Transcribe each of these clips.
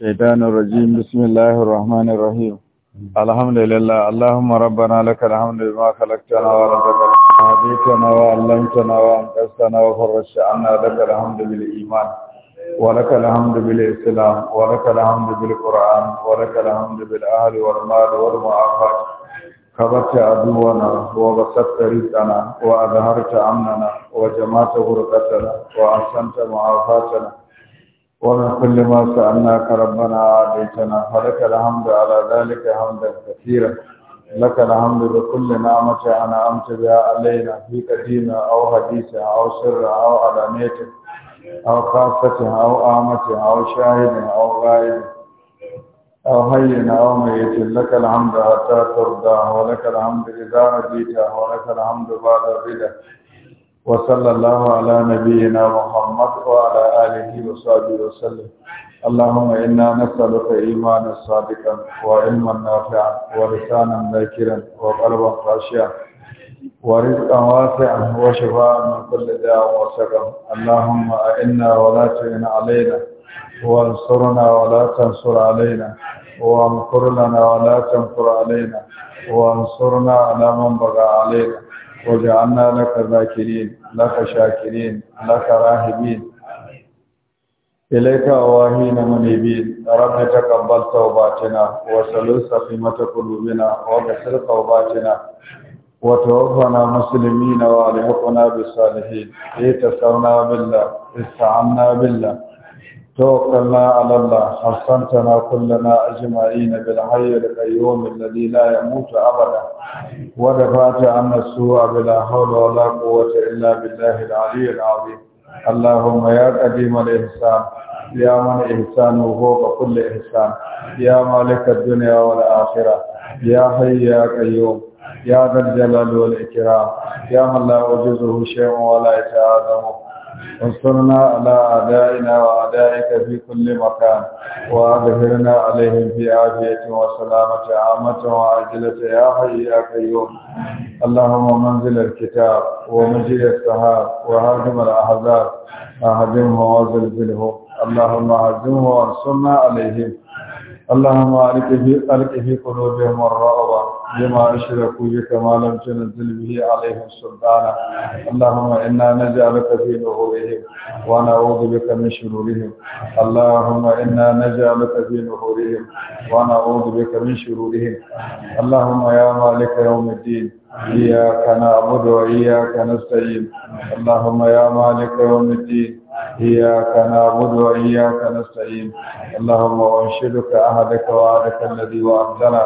الشيطان الرجيم بسم الله الرحمن الرحيم الحمد لله اللهم ربنا لك الحمد بما خلقتنا ورزقنا هديتنا وعلمتنا وانقذتنا وفرجت عنا لك الحمد بالايمان ولك الحمد بالاسلام ولك الحمد بالقران ولك الحمد بالاهل والمال والمعافاه كبرت عدونا وبسطت رزقنا واظهرت امننا وجمعت غرفتنا واحسنت معافاتنا ومن كل ما سألناك ربنا عاديتنا فلك الحمد على ذلك حمدا كثيرا لك الحمد بكل نعمة أنعمت بها علينا في قديمة أو حديثة أو سر أو علانية أو خاصة أو آمة أو شاهد أو غائب أو هين أو ميت لك الحمد حتى ترضى ولك الحمد إذا رضيت ولك الحمد بعد رضا وصلى الله على نبينا محمد وعلى آله وصحبه وسلم اللهم إنا نسألك إيمانا صادقا وعلما نافعا ولسانا ذاكرا وقلبا خاشعا ورزقا واسعا وشفاء من كل داء وسقم اللهم أئنا ولا تعن علينا وانصرنا ولا تنصر علينا وانكر لنا ولا تنكر علينا وانصرنا على من بغى علينا وجعلنا لك ذاكرين لك شاكرين لك راهبين إليك أواهين منيبين رب تقبل توباتنا وسلل سخيمة قلوبنا وغسل توباتنا وتوفنا مسلمين وألحقنا بالصالحين إيه تسرنا بالله استعنا بالله توكلنا على الله حصنتنا كلنا أجمعين بالحي القيوم الذي لا يموت أبدا ودفعت عنا السوء بلا حول ولا قوة إلا بالله العلي العظيم اللهم يا قديم الإحسان يا من إحسانه فوق كل إحسان يا مالك الدنيا والآخرة يا حي يا قيوم يا ذا الجلال والإكرام يا من لا يعجزه شيء ولا يتعاظمه انصرنا على أعدائنا وأعدائك في كل مكان وأظهرنا عليهم في عافية وسلامة عامة وعاجلة يا حي يا قيوم اللهم منزل الكتاب ومجيء السحاب وهاجم الأحزاب أهزمه وزلزله اللهم هزمه وانصرنا عليهم اللهم ألق في قلوبهم الرأبة بما أشركوا بك ما لم تنزل به عليهم سلطانا اللهم إنا نجعلك في نحورهم ونعوذ بك من شرورهم اللهم إنا نجعلك في نحورهم ونعوذ بك من شرورهم اللهم يا مالك يوم الدين إياك نعبد وإياك نستعين اللهم يا مالك يوم الدين إياك نعبد وإياك نستعين اللهم وانشدك أهدك وعدك الذي وعدتنا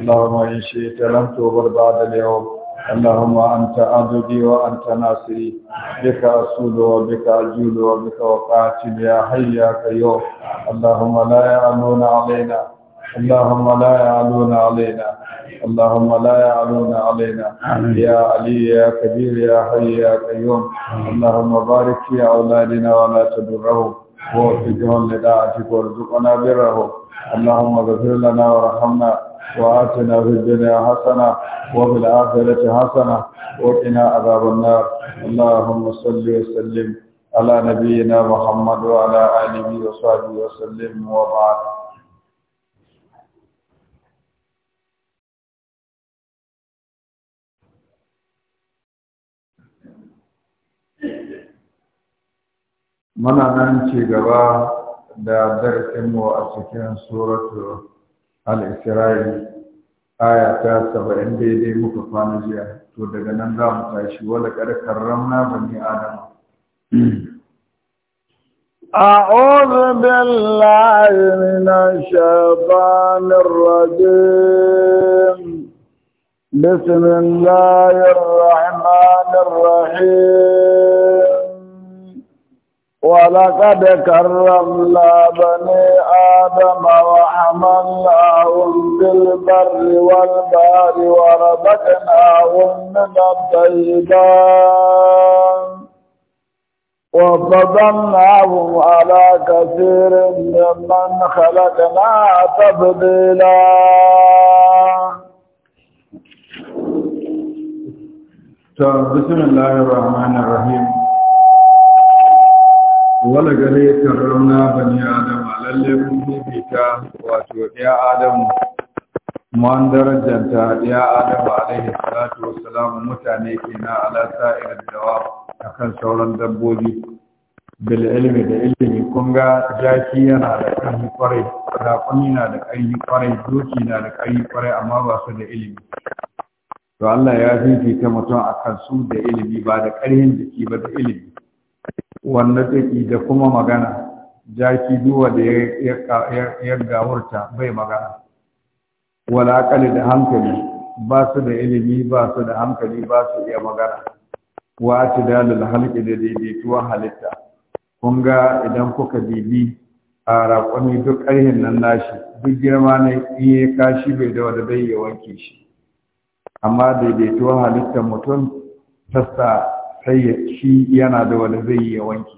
اللهم إن شئت لم تغفر بعد اليوم اللهم أنت عبدي وأنت ناصري بك أسول وبك أجول وبك وقاتل يا حي يا قيوم اللهم لا يعلون علينا اللهم لا يعلون علينا اللهم لا يعلون علينا يا علي يا كبير يا حي يا قيوم اللهم بارك في أولادنا ولا تدرهم ووفقهم لداعتك وارزقنا برهم اللهم اغفر لنا وارحمنا وآتنا في الدنيا حسنة وفي الآخرة حسنة وقنا عذاب النار اللهم صل وسلم على نبينا محمد وعلى آله وصحبه وسلم وبعد muna nan ci gaba da darasinmu a cikin suratu al aya ta saba'in daidai muka kwana jiya to daga nan za mu tashi wala karkar ramna bane adam أعوذ بالله من الشيطان الرجيم بسم الله الرحمن الرحيم ولقد كرمنا بني آدم وحملناهم في البر والبحر ورزقناهم من الطيبات وفضلناهم على كثير ممن خلقنا تفضيلا بسم الله الرحمن الرحيم wani gare kararruna bani adama lalle mun bibita wato ɗaya adamu man darajanta ɗaya adamu alaihi salatu wassalamu mutane ke na alasa irin dawa akan sauran dabbobi bil ilmi da ilimi kun ga jaki yana da ƙarfi kwarai raƙumi na da ƙarfi kwarai doki na da ƙarfi kwarai amma ba su da ilimi to Allah ya fifita mutum akan su da ilimi ba da ƙarfin jiki ba da ilimi wannan tsaki da kuma magana jaki duwa da ya Murta, bai magana wala da hankali ba su da ilimi ba su da hankali ba su iya magana wa ci dalil halki da daidaituwa halitta kun ga idan kuka bibi a raƙwami duk ƙarhin nan nashi duk girma ne iya kashi bai da wadda bai ya wanke shi amma daidaituwa halittar mutum tasta sai shi yana da wanda zai yi wanki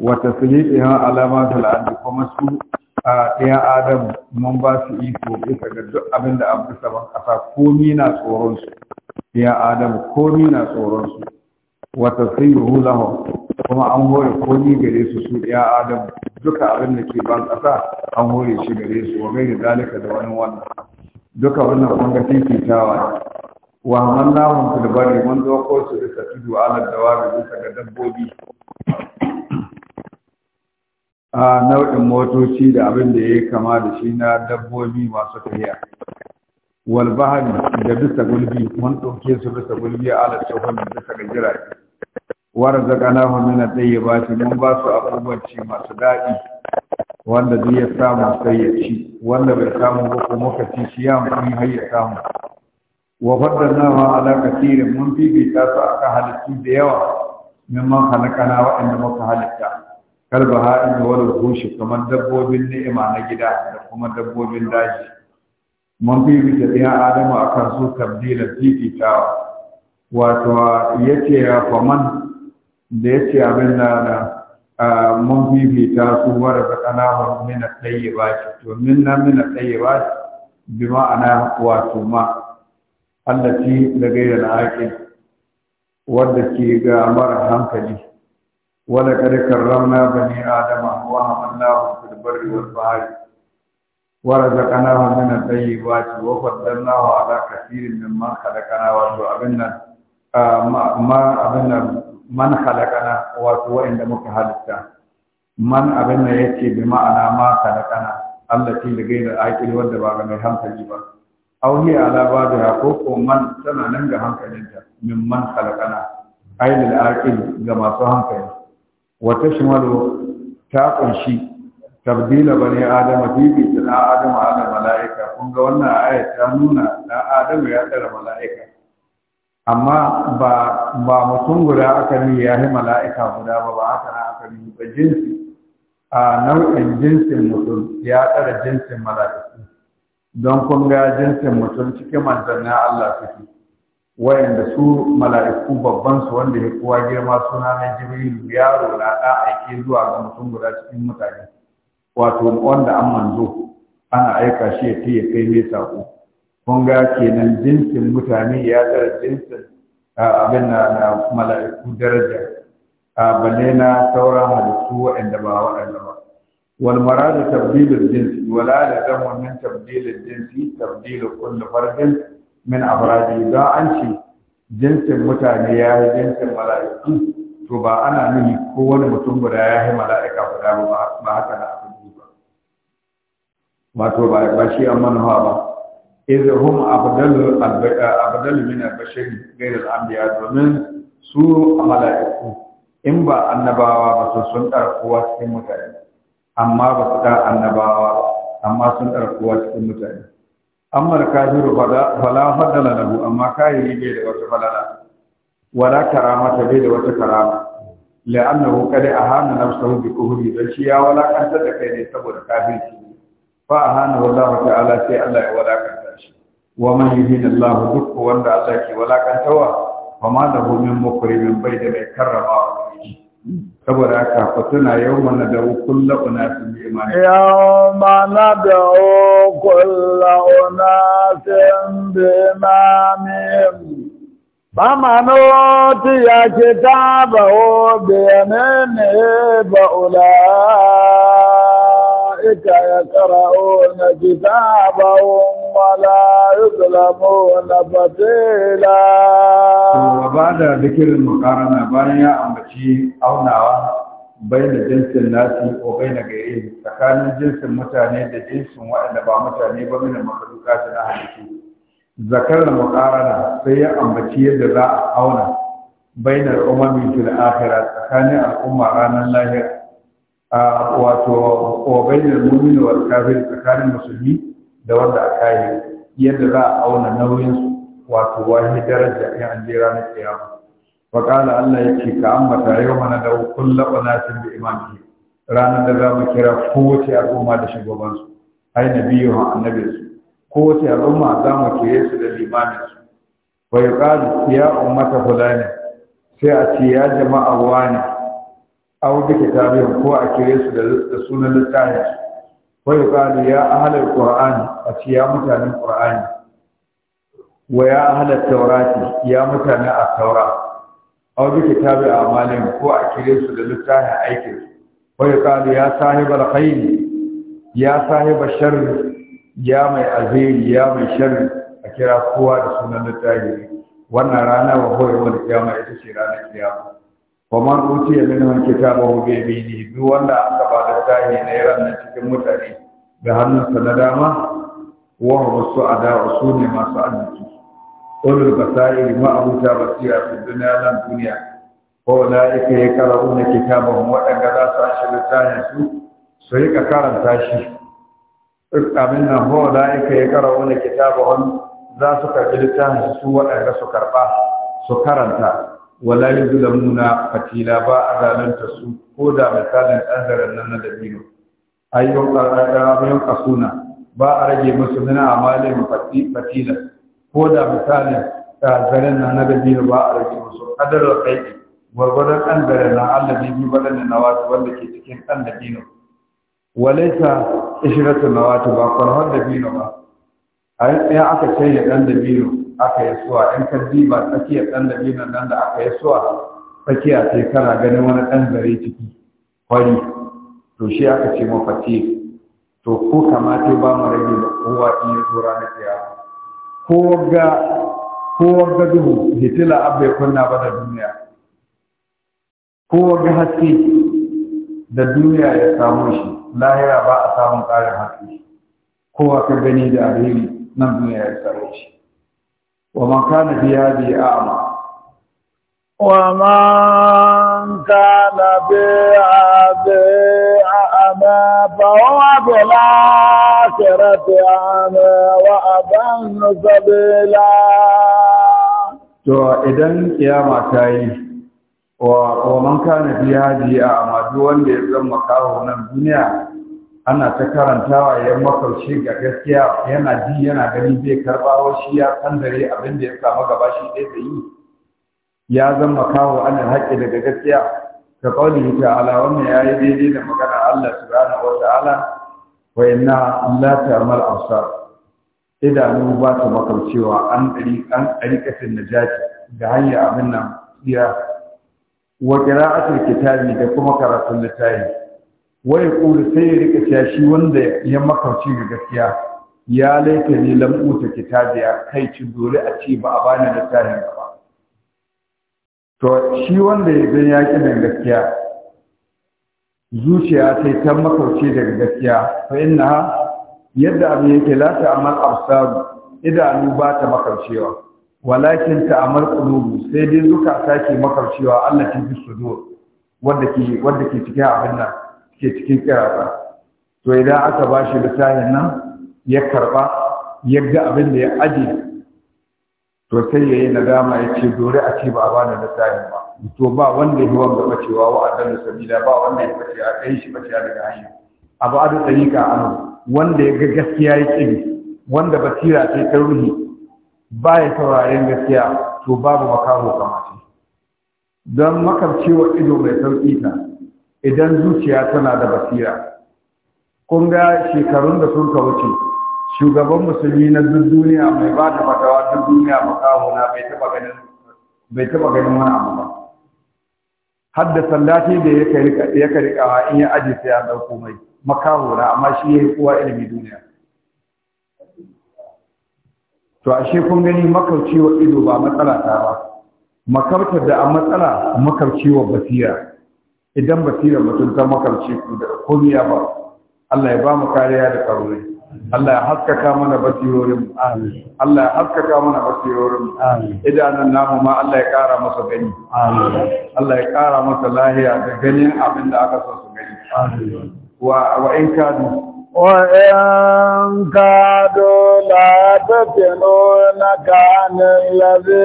wata sulhiha alama tal'adi kuma su a ɗaya adam mun ba su iko bisa ga duk abin da an fi saman ƙasa komi na tsoron su ɗaya adam komi na tsoron su wata sulhihu lahum kuma an hore komi gare su su ɗaya adam duka abin da ke ban ƙasa an hore shi gare su wa gaira dalika da wani wannan duka wannan kun ga fifitawa wa hamalnahum fil barri mun doko su bisa tudu ala dawabi bisa ga dabbobi a nau'in motoci da abin da yi kama da shi na dabbobi masu tafiya wal bahri da bisa gulbi mun ɗauke su bisa gulbi ala tsohon bisa ga jirage warzaqnahum min at-tayyibati mun ba su abubuwan ci masu daɗi wanda zai ya samu sai ya ci wanda bai samu ba kuma ka ci shi ya mun har wa faddalnaha ala kathirin mun fifita su aka halittu da yawa na halakana waɗanda muka halitta kalba ha'in wal hushi kamar dabbobin ni'ima na gida da kuma dabbobin daji mun fifita ɗaya adamu akan su tabdila fifitawa wato yace faman da yace abin da mun fifita su wa razaqnahum min at-tayyibati na minna min at-tayyibati bi ma'ana wato ma allati da gaira na aikin, wanda ke ga mara hankali wala kad karramna bani adama wa hamalnahum fil barri wal bahri wa razaqnahum min at-tayyibati wa wa ala kathirin mimman khalaqna wa abinna ma abinna man khalaqana wa inda muka halitta man abinna yake bi ma'ana ma khalaqana allati da gaira aikin wanda ba ga mai hankali ba auhi ala babiha ko ko man tana nan ga hankalinta min man khalaqana da aqil ga masu hankali wa tashmalu ta kunshi tabdila bani adama fi bi ta adam ala malaika kun ga wannan aya ta nuna da adama ya tsara malaika amma ba ba mutum guda aka ni ya yi malaika guda ba ba aka na aka ni ba jinsi a nau'in jinsin mutum ya tsara jinsin mala'iku don kun ga jinsin mutum cikin manzannin Allah suke wayanda su mala'iku babbansu wanda ya kowa girma suna na jibrilu yaro na da aike zuwa ga mutum guda cikin mutane wato wanda an manzo ana aika shi ya ya kai mai saƙo. kun ga kenan jinsin mutane ya tsara jinsin abin na mala'iku daraja balle na sauran halittu waɗanda ba waɗanda ba wal marad tabdil al jins wa la lazam min tabdil al jins tabdil kull fardin min afradi da an ce jinsin mutane ya yi jinsin mala'iku to ba ana nuni ko wani mutum guda ya yi mala'ika ba haka na abin duba wato ba shi an manuwa ba إذ هم أبدل أبدل من البشر غير الأنبياء ومن سوء ملائكه إن با النبوة بس سنتر قوة متعين amma ba su da annabawa amma sun ɗarkuwa cikin mutane amma da kafiru fala fadala lahu amma kayi bai da wata falala wala karama ta bai da wata karama la'annahu qad ahana nafsahu bi kufri dan shi ya wala kanta da kai ne saboda kafirci fa ahana wallahu ta'ala sai Allah ya wala walakanta shi wa man yuhidallahu duk wanda Allah ke wala walakantawa fa ma hu min mukrimin bai da mai karramawa saboda haka ku tuna yau mana da kulla una su bi imani yau mana da kulla una su bi imani فمن أوتي كتابه بيمينه فأولئك يقرؤون كتابهم ولا يظلمون فتيلا وبعد ذكر المقارنة بانيا أمبتي أوناوا بين جنس الناس وبين غيرهم tsakanin jinsin mutane da jinsin waɗanda ba mutane ba min da ahli zakar da muqarana sai ya ambaci yadda za a auna bainar umami fil akhirah tsakanin al'umma ranar a wato ko bainar mu'minu wal kafir tsakanin musulmi da wanda aka yi. yadda za a auna nauyinsu wato wani daraja in an je ranar kiyama wa qala Allah yake ka ambata yau mana da kullu unasin bi imamihi ranar da za mu kira kowace al'umma da shugabansu ai nabiyu ha annabinsu kowace al'umma za mu kire su da limaninsu wa yuqalu ya ummata fulani sai a ce ya jama'a wani aw bi kitabin ko a kire su da sunan littafin wa yuqalu ya ahlul qur'ani a ce ya mutanen ƙur'ani wa ya ahalar taurati ya mutane a taura au bi kitabi a amalin ko a kire su da littafin aikin wai kalu ya sahibar khairi ya sahibar sharri ya mai alheri ya mai sharri a kira kowa da sunan littafi wannan rana wa hoyewar kiyama ita ce ranar kiyama wa man utiya minhum kitabahu bai yaminihi duk wanda aka ba da tahi na yaran cikin mutane da hannunsa na dama wa wasu adawa su ne masu arziki ulul basairi ma'abuta basira fi duniya nan duniya ko la yake ya karau na kitabun waɗanda za su ashe littafin su su rika karanta shi abin nan ko la yake ya karau na kitabun za su karɓi littafin su waɗanda su karɓa su karanta wala yuzlamuna fatila ba a zalunta su ko da misalin ɗan nan na dabino ayyukan ƙasuna ba a rage musu mina amalin fatila ko da misalin ta na na dabino ba a rage musu kadarar kai gwargwadon ɗan zaren na Allah bi waɗanda na wasu wanda ke cikin kan dabino walaita ishiratu na wato ba kwarhon dabino ba a yin aka canja ɗan dabino aka yi suwa in ka ba tsakiyar ɗan dabino nan da aka yi suwa tsakiya sai kana ganin wani ɗan zare ciki kwari to shi aka ce mafatil to ko kamata ba mu rage da kowa in ya zo ranar kiyama ko ga ko ga duhu hitila abba ya kunna ba da duniya ko ga haske da duniya ya samu shi lahira ba a samun ƙarin haske kowa ka gani da alheri nan duniya ya samu shi wa man kana fi hadi a'ma ومن كان في هذه ba. وفي الآخرة أعمى سبيلا to idan kiyama ta yi wa man kana fi hadi a amadu wanda ya zama kawo nan duniya ana ta karantawa ya makauci ga gaskiya yana ji yana gani bai karbawa shi ya dare abin da ya samu gaba shi dai da yi ya zama kawo ana haƙƙi daga gaskiya ka kauli ta'ala wannan yayi daidai da magana Allah subhanahu wa ta'ala Wai na la ta'mal absar idanu ba ta makarcewa an dari an arikatin najati ga hanya abin nan iya wa qira'atul kitabi da kuma karatun littafi wai yaqulu sai rika cewa shi wanda ya makarci ga gaskiya ya laita ni lam uta kitabiya kai ci dole a ci ba a bani littafin ba to shi wanda ya zan yaki da gaskiya zuciya sai ta makauce daga gaskiya fa inna yadda abin yake la ta amal absar idanu ba ta makaucewa walakin ta amal qulubu sai dai suka ke makaucewa Allah ta bi zo wanda ke wanda ke cikin abin nan ke cikin kirasa to idan aka bashi littafin nan ya karba ya ga abin da ya aje to sai yayi nadama ya ce dore a ce ba a da littafin ba to ba wanda ya wanda bacewa wa adallu sabila ba wanda ya bace a kai shi bace daga hanya abu adu tsarika an wanda ya ga gaskiya ya kibi wanda basira sai ta ruhi ba ya sauraren gaskiya to babu makaho kamata. don makarcewa ido mai sauƙi ta idan zuciya tana da basira kun ga shekarun da sun ka wuce shugaban musulmi na duk duniya mai ba da fatawa duk duniya makaho na bai taba ganin bai taba ganin wani abu ba har da da ya karika in ya aji sai an ɗauko mai makaho na amma shi ya yi kowa ilimi duniya to ashe kun gani makarciwa ido ba matsala ta ba makartar da a matsala makarciwa basira idan basira mutum ta makarci ku da komiya ba Allah ya ba mu kariya da karuwa Allah ya haskaka mana basirorin amin Allah ya haskaka mana basirorin amin idanun namu ma Allah ya kara masa gani amin Allah ya kara masa lahiya da ganin abin da aka so su gani amin wa wa in kadu wa in kadu la tatinunaka allazi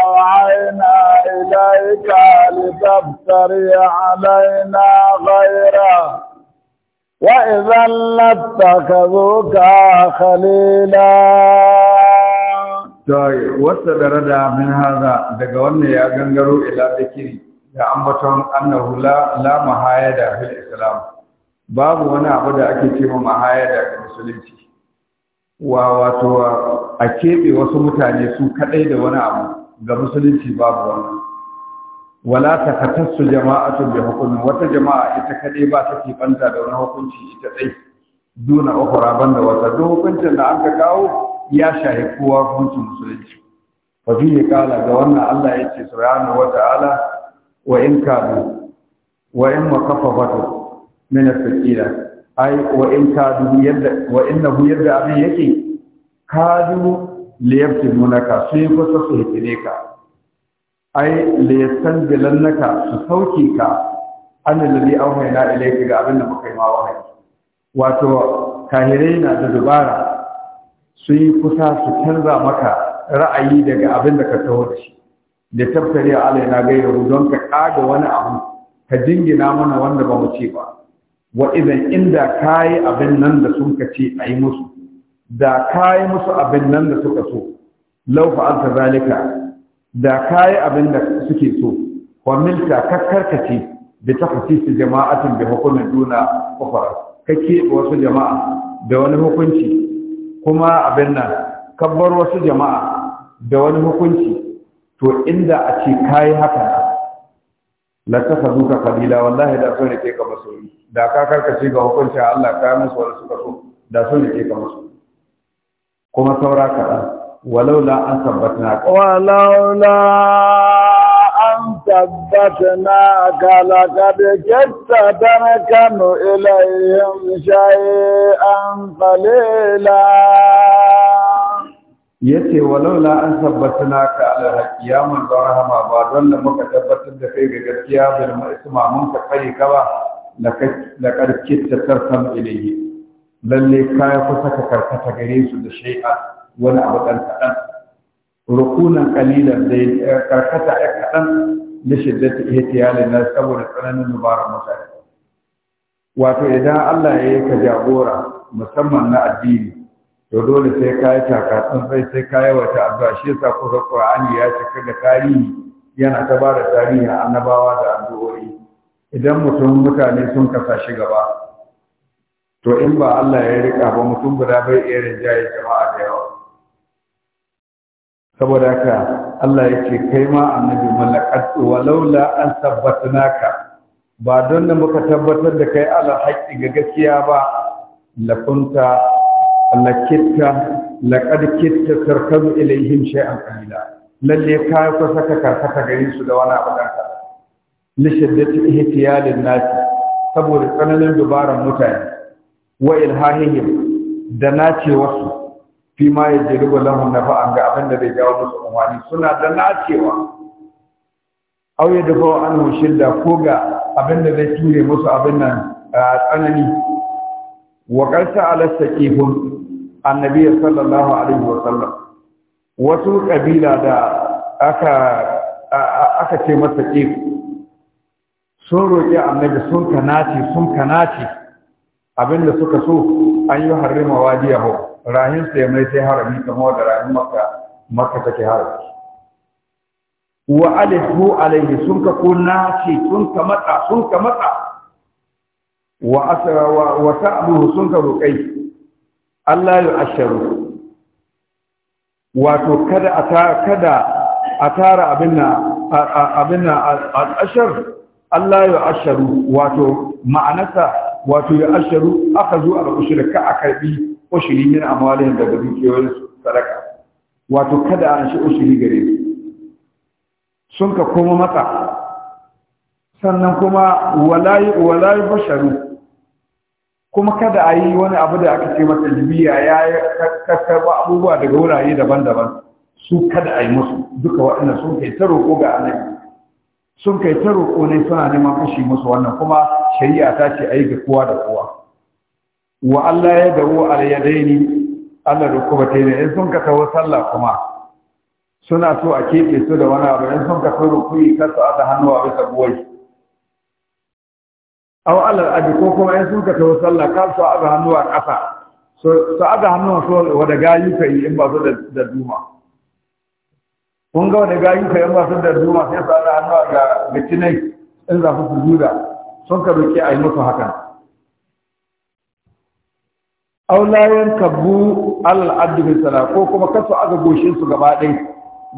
awhayna ilayka litabtari alaina ghayra وإذا لاتخذوك خليلا طيب وتدرد من هذا daga wannan ya gangaro ila zikiri da ambaton annahu la la mahayada fil islam babu wani abu da ake cewa mahayada ga musulunci wa wato a keɓe wasu mutane su kaɗai da wani abu ga musulunci babu wannan wala ta katassu jama'atun bi hukumi wata jama'a ita kadai ba ta kibanta da wani hukunci ita dai duna ukhra banda wata duk hukuncin da aka kawo ya shahi kowa hukuncin musulunci fa fihi qala ga wannan Allah yace subhanahu wa ta'ala wa in kadu wa in makaffafatu min as-sakila ai wa in kadu yadda wa innahu yadda abin yake kadu liyaftinunaka sai kusa su hitine ka ai san bilannaka su sauke ka annalladhi auhayna ilayka ga abin da muka yi ma wahayi wato kahirai na da dubara su yi kusa su canza maka ra'ayi daga abin da ka taho da shi da taftare alaina gairu don ka kaga wani abu ka jingina mana wanda ba mu ce ba wa idan inda kayi abin nan da sun ka ce a musu da kayi musu abin nan da suka so laufa an zalika da yi abin da suke so wa milka karkace da ta su jama'atin da hukumin duna Ka kake wasu jama'a da wani hukunci kuma abin nan kabbar wasu jama'a da wani hukunci to inda a ce yi haka la tafaduka Kabila. wallahi da ne ke ka masoyi da ka karkace ga hukunci Allah ka musu wani suka so da ne ke ka masoyi kuma saura kaɗan ولولا أن ثبتناك ولولا أن ثبتناك لقد كدت تركن إليهم شيئا قليلا yace walaula an tabbata ka ala qiyamun da rahama ba don da muka tabbatar da kai ga gaskiya bil ma'isma mun ka kai ka la kad kitta ilayhi lalle kaya kusa ka karkata gare su da shai'a wani abu ɗan kaɗan rukunan kalilan da eh, karkata ya kaɗan da shiddata ihtiyalin na saboda tsananin nubarar mutane wato idan Allah ya yi ka jagora musamman na addini to dole sai ka yi takatsun sai sai ka yi wata addu'a shi yasa kusa Qur'ani ya cika ga tarihi yana ta ba da tarihin annabawa da addu'o'i idan mutum mutane sun kasa shi gaba to in ba Allah ya rika ba mutum guda bai iya rinjaye jama'a da yawa saboda haka Allah ya ce kai ma annabi mallakat laula an sabbatnaka ba don da muka tabbatar da kai ala haƙƙi ga gaskiya ba lakunta lakitta laqad kitta tarkazu ilaihim shay'an qalila lalle ka kusa ka karkata gare su da wani abu da ka lishaddati ihtiyalin nasi saboda tsananin dubaran mutane wa ilhahihim da nace wasu fi ma ya jiri lahun nafa'an ga abin da zai jawo musu umarni suna da nacewa auye da bawa an hushin da ko ga abin da zai ture musu abin nan a tsanani wa ƙarsa alasta ƙifin annabi sallallahu alaihi wa sallam wasu ƙabila da aka aka ce masa ƙif sun roƙi annabi sun kanace sun kanace abinda suka so an yi harrima wadiyahu ho rahim ya mai sai harami kamar da rahim maka maka take harami wa alifu alaihi sun ka kunna shi sun ka mata sun ka matsa wa asra wa wa ta'buhu sun ka ruqai Allah ya asharu wato kada a kada a tara abin nan al-ashar Allah ya asharu wato ma'anarsa wato ya asharu aka zo a ushri ka a karbi ushri min amwalihim daga dukiyoyin sadaka wato kada an shi ushiri gare su sun ka koma mata sannan kuma walayi walayi basharu kuma kada a yi wani abu da aka ce masa jibiya ya yi karkarba abubuwa daga wurare daban-daban su kada a yi musu duka waɗannan sun kai ta roƙo ga annabi sun kai ta roƙo ne suna neman kashe musu wannan kuma shari'a ta ce ai ga kowa da kowa wa Allah ya a al ni Allah da kuma tana in sun ka tawo sallah kuma suna so a kefe su da wani abu in sun ka tawo rukuni kar su ada a bisa buwai aw Allah aji ko kuma in sun ka tawo sallah kar su ada a ƙasa so su ada a so wada gayu yi in ba su da duma kun ga wani gayu yi in ba su da duma sai su ada hannu ga ga cinai in za su sujuda sun ka roƙi a yi musu haka aulayen bu alal abdu sala ko kuma kasu aga goshin su gaba ɗai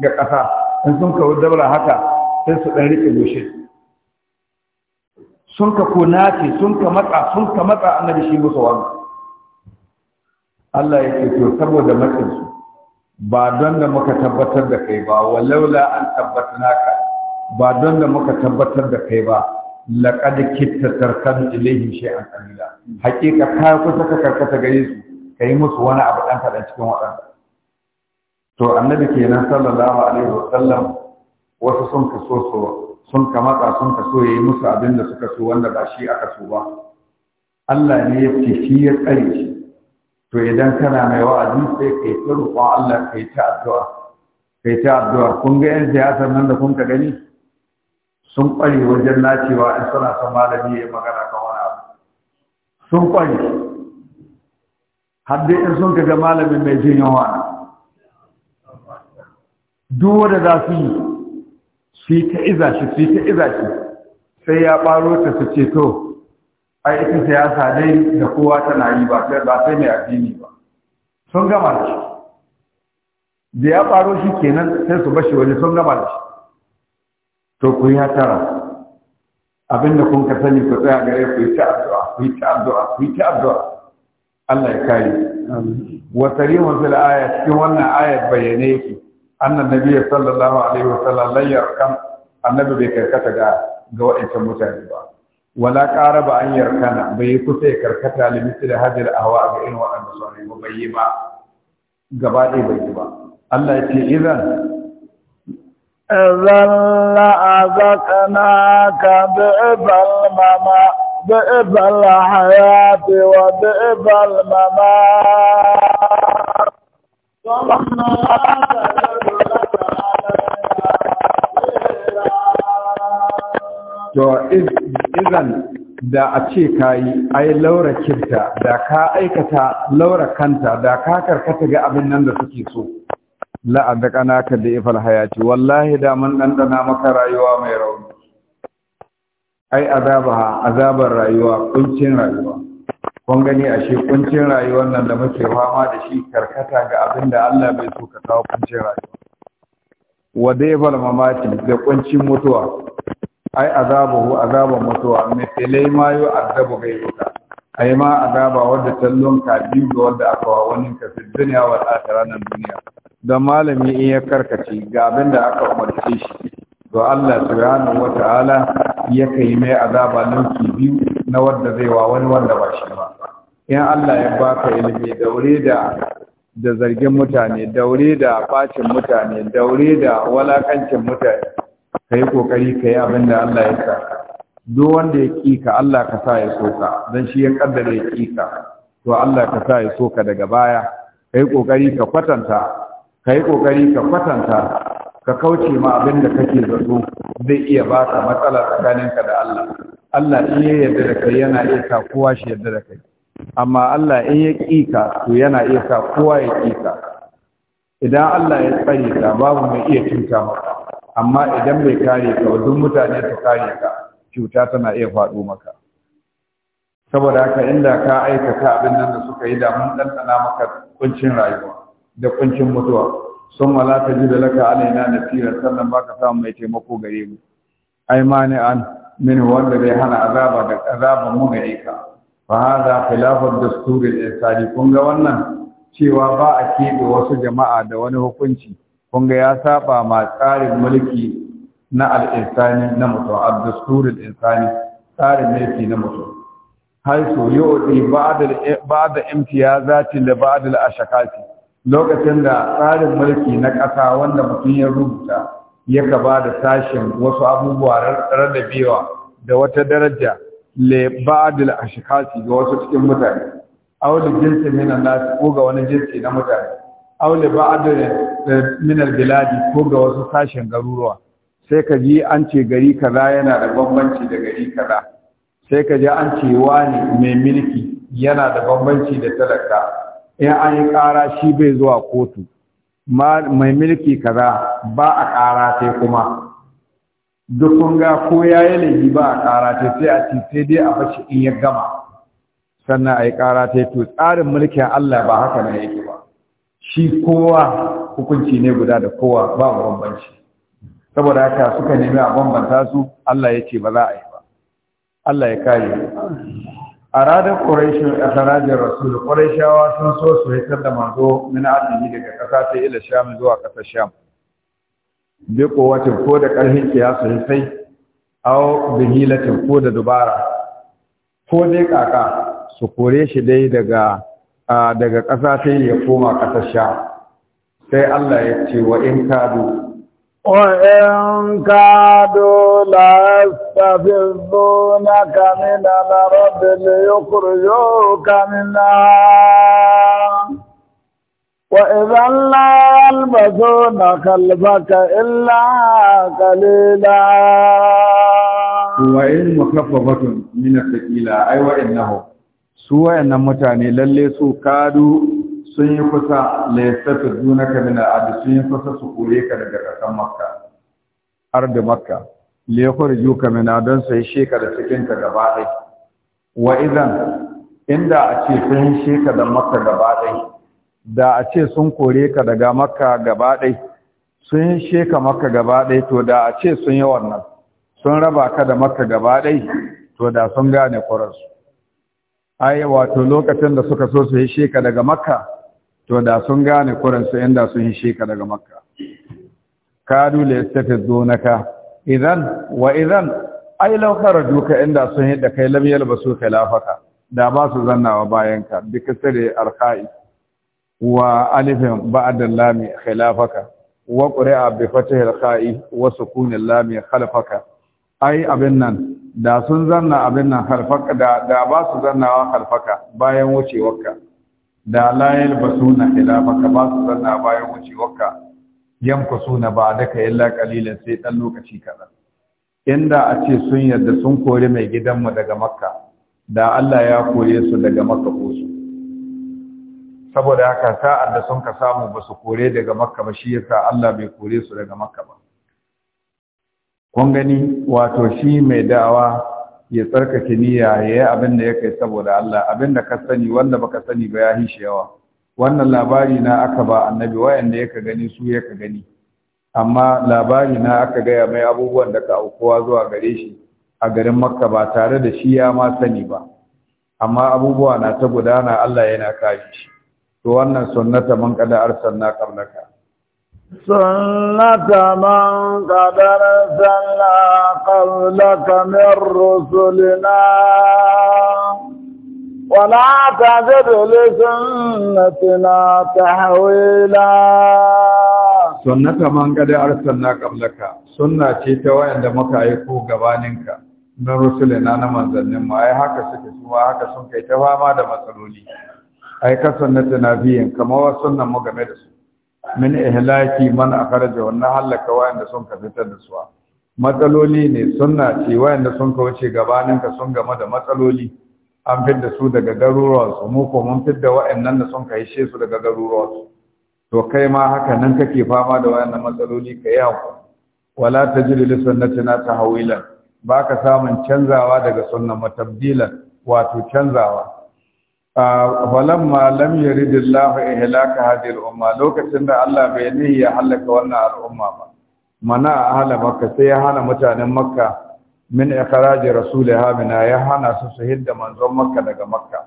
ga ƙasa in sun ka dabara haka sai su ɗan riƙe goshin sun ka kunace sun ka matsa sun ka matsa da shi musu wani Allah ya ce to saboda matsinsu ba don da muka tabbatar da kai ba wa laula an tabbatar ba don da muka tabbatar da kai ba laqad kitta tarkanu ilayhim shay'an qalila haqiqa ka kusa ka karkata gare su kai musu wani abu dan fada cikin wadanda to annabi kenan sallallahu alaihi sallam, wasu sun kaso so sun matsa sun kaso yayi musu abin da suka so wanda ba shi aka so ba Allah ne ya fifi ya tsare shi to idan kana mai wa'azi sai kai ta roƙon Allah kai ta addu'a kai ta addu'a kun ga yan siyasar nan da kun ka gani sun ƙware wajen nacewa in suna son malami ya magana kan wani abu sun ƙware har in sun kaga malamin mai jin yawa duk wanda za su yi su yi ta iza shi su yi ta iza shi sai ya ɓaro ta su ce to ai ita siyasa dai da kowa tana yi ba sai mai addini ba sun gama da shi da ya faro shi kenan sai su bashi waje sun gama da shi to ku yi hatara abinda kun ka sani ku tsaya gare ku yi ta addu'a ku yi ta addu'a ku yi ta addu'a Allah ya kare wa sarihun fil aya cikin wannan ayat bayyane yake annan nabiyyi sallallahu alaihi wa sallam la yarkam annabi bai karkata ga ga wa'ancan mutane ba wala ƙara ba an yarkana bai yi kusa ya karkata limiti da hajar ahwa ga irin waɗanda sauran ba bai yi ba gaba ɗaya bai yi ba Allah ya ce idan إذا لأذقناك بئب المما بئب الحياة وبئب الممات To, izan da a ce ka yi, ai laura kirta, da ka aikata laura kanta, da ka karkata ga abin nan da suke so, la'adakana ka da ifal hayati wallahi da mun dandana maka rayuwa mai rauni ai azaba azabar rayuwa kuncin rayuwa kun gani ashe kuncin rayuwar nan da muke fama da shi karkata ga abin da Allah bai so ka kawo kuncin rayuwa wa daifal mamati da kuncin mutuwa ai azabahu azaban mutuwa mithilai ma yu'adabu ghayruka a ma azaba wanda tallon ka biyu da wanda aka wa wani ka fi duniya wa al'akara nan duniya don malami in ya karkace ga abin da aka umarce shi to Allah subhanahu wa ta'ala ya kai mai azaba ki biyu na wanda zai wa wani wanda ba shi ba in Allah ya baka ilimi daure da da zargin mutane daure da bacin mutane daure da walakancin mutane kai kokari kai abin da Allah ya saka duk wanda ya kika Allah ka sa ya soka dan shi ya kaddare ya kika to Allah ka sa ya soka daga baya kai kokari ka kwatanta kai kokari ka kwatanta ka kauce ma abin da kake zato zai iya baka matsala tsakaninka da Allah Allah in ya yarda da kai yana iya sa kowa shi yarda da kai amma Allah in ya kika to yana iya sa kowa ya kika idan Allah ya tsare ka babu mai iya cuta maka amma idan bai kare ka duk mutane su kare ka cuta tana iya faɗo maka saboda haka inda ka aikata abin nan da suka yi da mun ɗanɗana maka kuncin rayuwa da kuncin mutuwa sun mala ta ji da laka alaina na fira sannan ka samu mai taimako gare mu ai ma ne an min wanda zai hana azaba da azaban mu gare ka fa hada khilafu dasturil kun ga wannan cewa ba a keɓe wasu jama'a da wani hukunci kun ga ya saba ma tsarin mulki na al'insani na mutum al-dasturin insani tsarin laifi na mutum haisu yodi ba da imtiya imtiyazatin da ba da ashakati lokacin da tsarin mulki na ƙasa wanda mutum ya rubuta ya gaba da sashen wasu abubuwa rarrabewa da wata daraja le ba da ashakati ga wasu cikin mutane aule jinsi minan nasi ko ga wani jinsi na mutane aule ba da eh, minar biladi ko ga wasu sashen garuruwa sai ka ji an ce gari kaza yana da bambanci da gari kaza sai ka ji an ce wani mai mulki yana da bambanci da talaka in an yi ƙara shi bai zuwa kotu mai mulki kaza ba a ƙara sai kuma duk kun ga ko ya yi laifi ba a ƙara ta sai a ci sai dai a bashi in ya gama sannan a yi ƙara ta to tsarin mulkin Allah ba haka na yake ba shi kowa hukunci ne guda da kowa ba bambanci saboda haka suka nemi a bambanta su Allah ya ce ba za a yi ba Allah ya kare arada quraishu akhrajir rasul ƙorashawa sun so su hitar da manzo min adini daga ƙasa ta ila sham zuwa ƙasa sham bai kowacin ko da karfin ya sai aw bi ko da dubara ko dai kaka su kore shi dai daga daga ta ya koma ƙasa sham sai Allah ya ce wa in kadu وإن كادوا ليستفزونك من الأرض ليخرجوك منها وإذا لا يلبسون كلبك إلا قليلا وإن مخففة من الثقيلة أي وإنه su wayannan mutane lalle su kadu sun yi kusa laisata dunaka min al'adu sun yi kusa su kure ka daga ƙasar makka har da makka liyakwarju juka mina don su yi sheka da ka gaba ɗai wa idan inda a ce sun yi sheka da makka gaba ɗai da a ce sun kore ka daga makka gaba ɗai sun yi sheka makka gaba ɗai to da a ce sun yi wannan sun raba ka da makka gaba ɗai to da sun gane ƙwararsu ai wato lokacin da suka so su yi sheka daga makka to da sun gane kuransu inda sun yi ka daga makka kadu la yastafizunaka idan wa idan ai law duka inda sun hidda kai lam yalbasu khilafaka da ba su zannawa bayanka bi kasri arqai wa alifin ba'da lam khilafaka wa qira'a bi fathi arqai wa sukun lam khalfaka ai abin nan da sun zanna abin nan harfaka da da ba su zannawa harfaka bayan wucewarka da layal basuna khilafaka ba su zanna bayan wucewarka suna ba da daka illa qalilan sai dan lokaci kaɗan inda a ce sun yarda sun kori mai gidanmu daga makka da Allah ya kore su daga makka ko su saboda haka sa'ar da sun ka samu ba su kore daga makka ba shi yasa Allah bai kore su daga makka ba kun gani wato shi mai da'awa ya tsarkake niyya ya yi abin da ya kai saboda Allah abin da ka sani wanda baka sani ba ya yi shi yawa wannan labari na aka ba annabi wayanda yaka gani su yaka gani amma labari na aka gaya mai abubuwan da ka aukuwa zuwa gare shi a garin makka ba tare da shi ya ma sani ba amma abubuwa na ta gudana Allah yana kashi. shi to wannan sunnata mun kada na qablaka سنه من قد ارسلنا قبلك من رسلنا ولا تجد لسنتنا تحويلا sunnata man gade arsalna qablaka sunna ce ta wayanda muka yi ko gabaninka na rusulina na manzannin mu ai haka suke su haka sun kai ta fama da matsaloli ai ka sunnata nabiyin kamar sunnan mu game da su min ihlaki man wa na halaka inda sun ka fitar da suwa matsaloli ne sunna ce inda sun ka wuce gabanin ka sun game da matsaloli an fidda su daga garuruwan su mu ko mun fidda wa'annan da sun ka hishe su daga garuruwan su to kai ma haka nan kake fama da wa'annan matsaloli ka yi hakuri wala tajidu li sunnatina Ba baka samun canzawa daga sunnan matabdilan wato canzawa falamma ah, lam yuridillahu ihlaka hadhihi umma lokacin da Allah bai nihi ya halaka wannan al'umma ba mana ahla makka sai ya hana mutanen makka min ikraji rasulaha min ya hana su su hidda manzon makka daga makka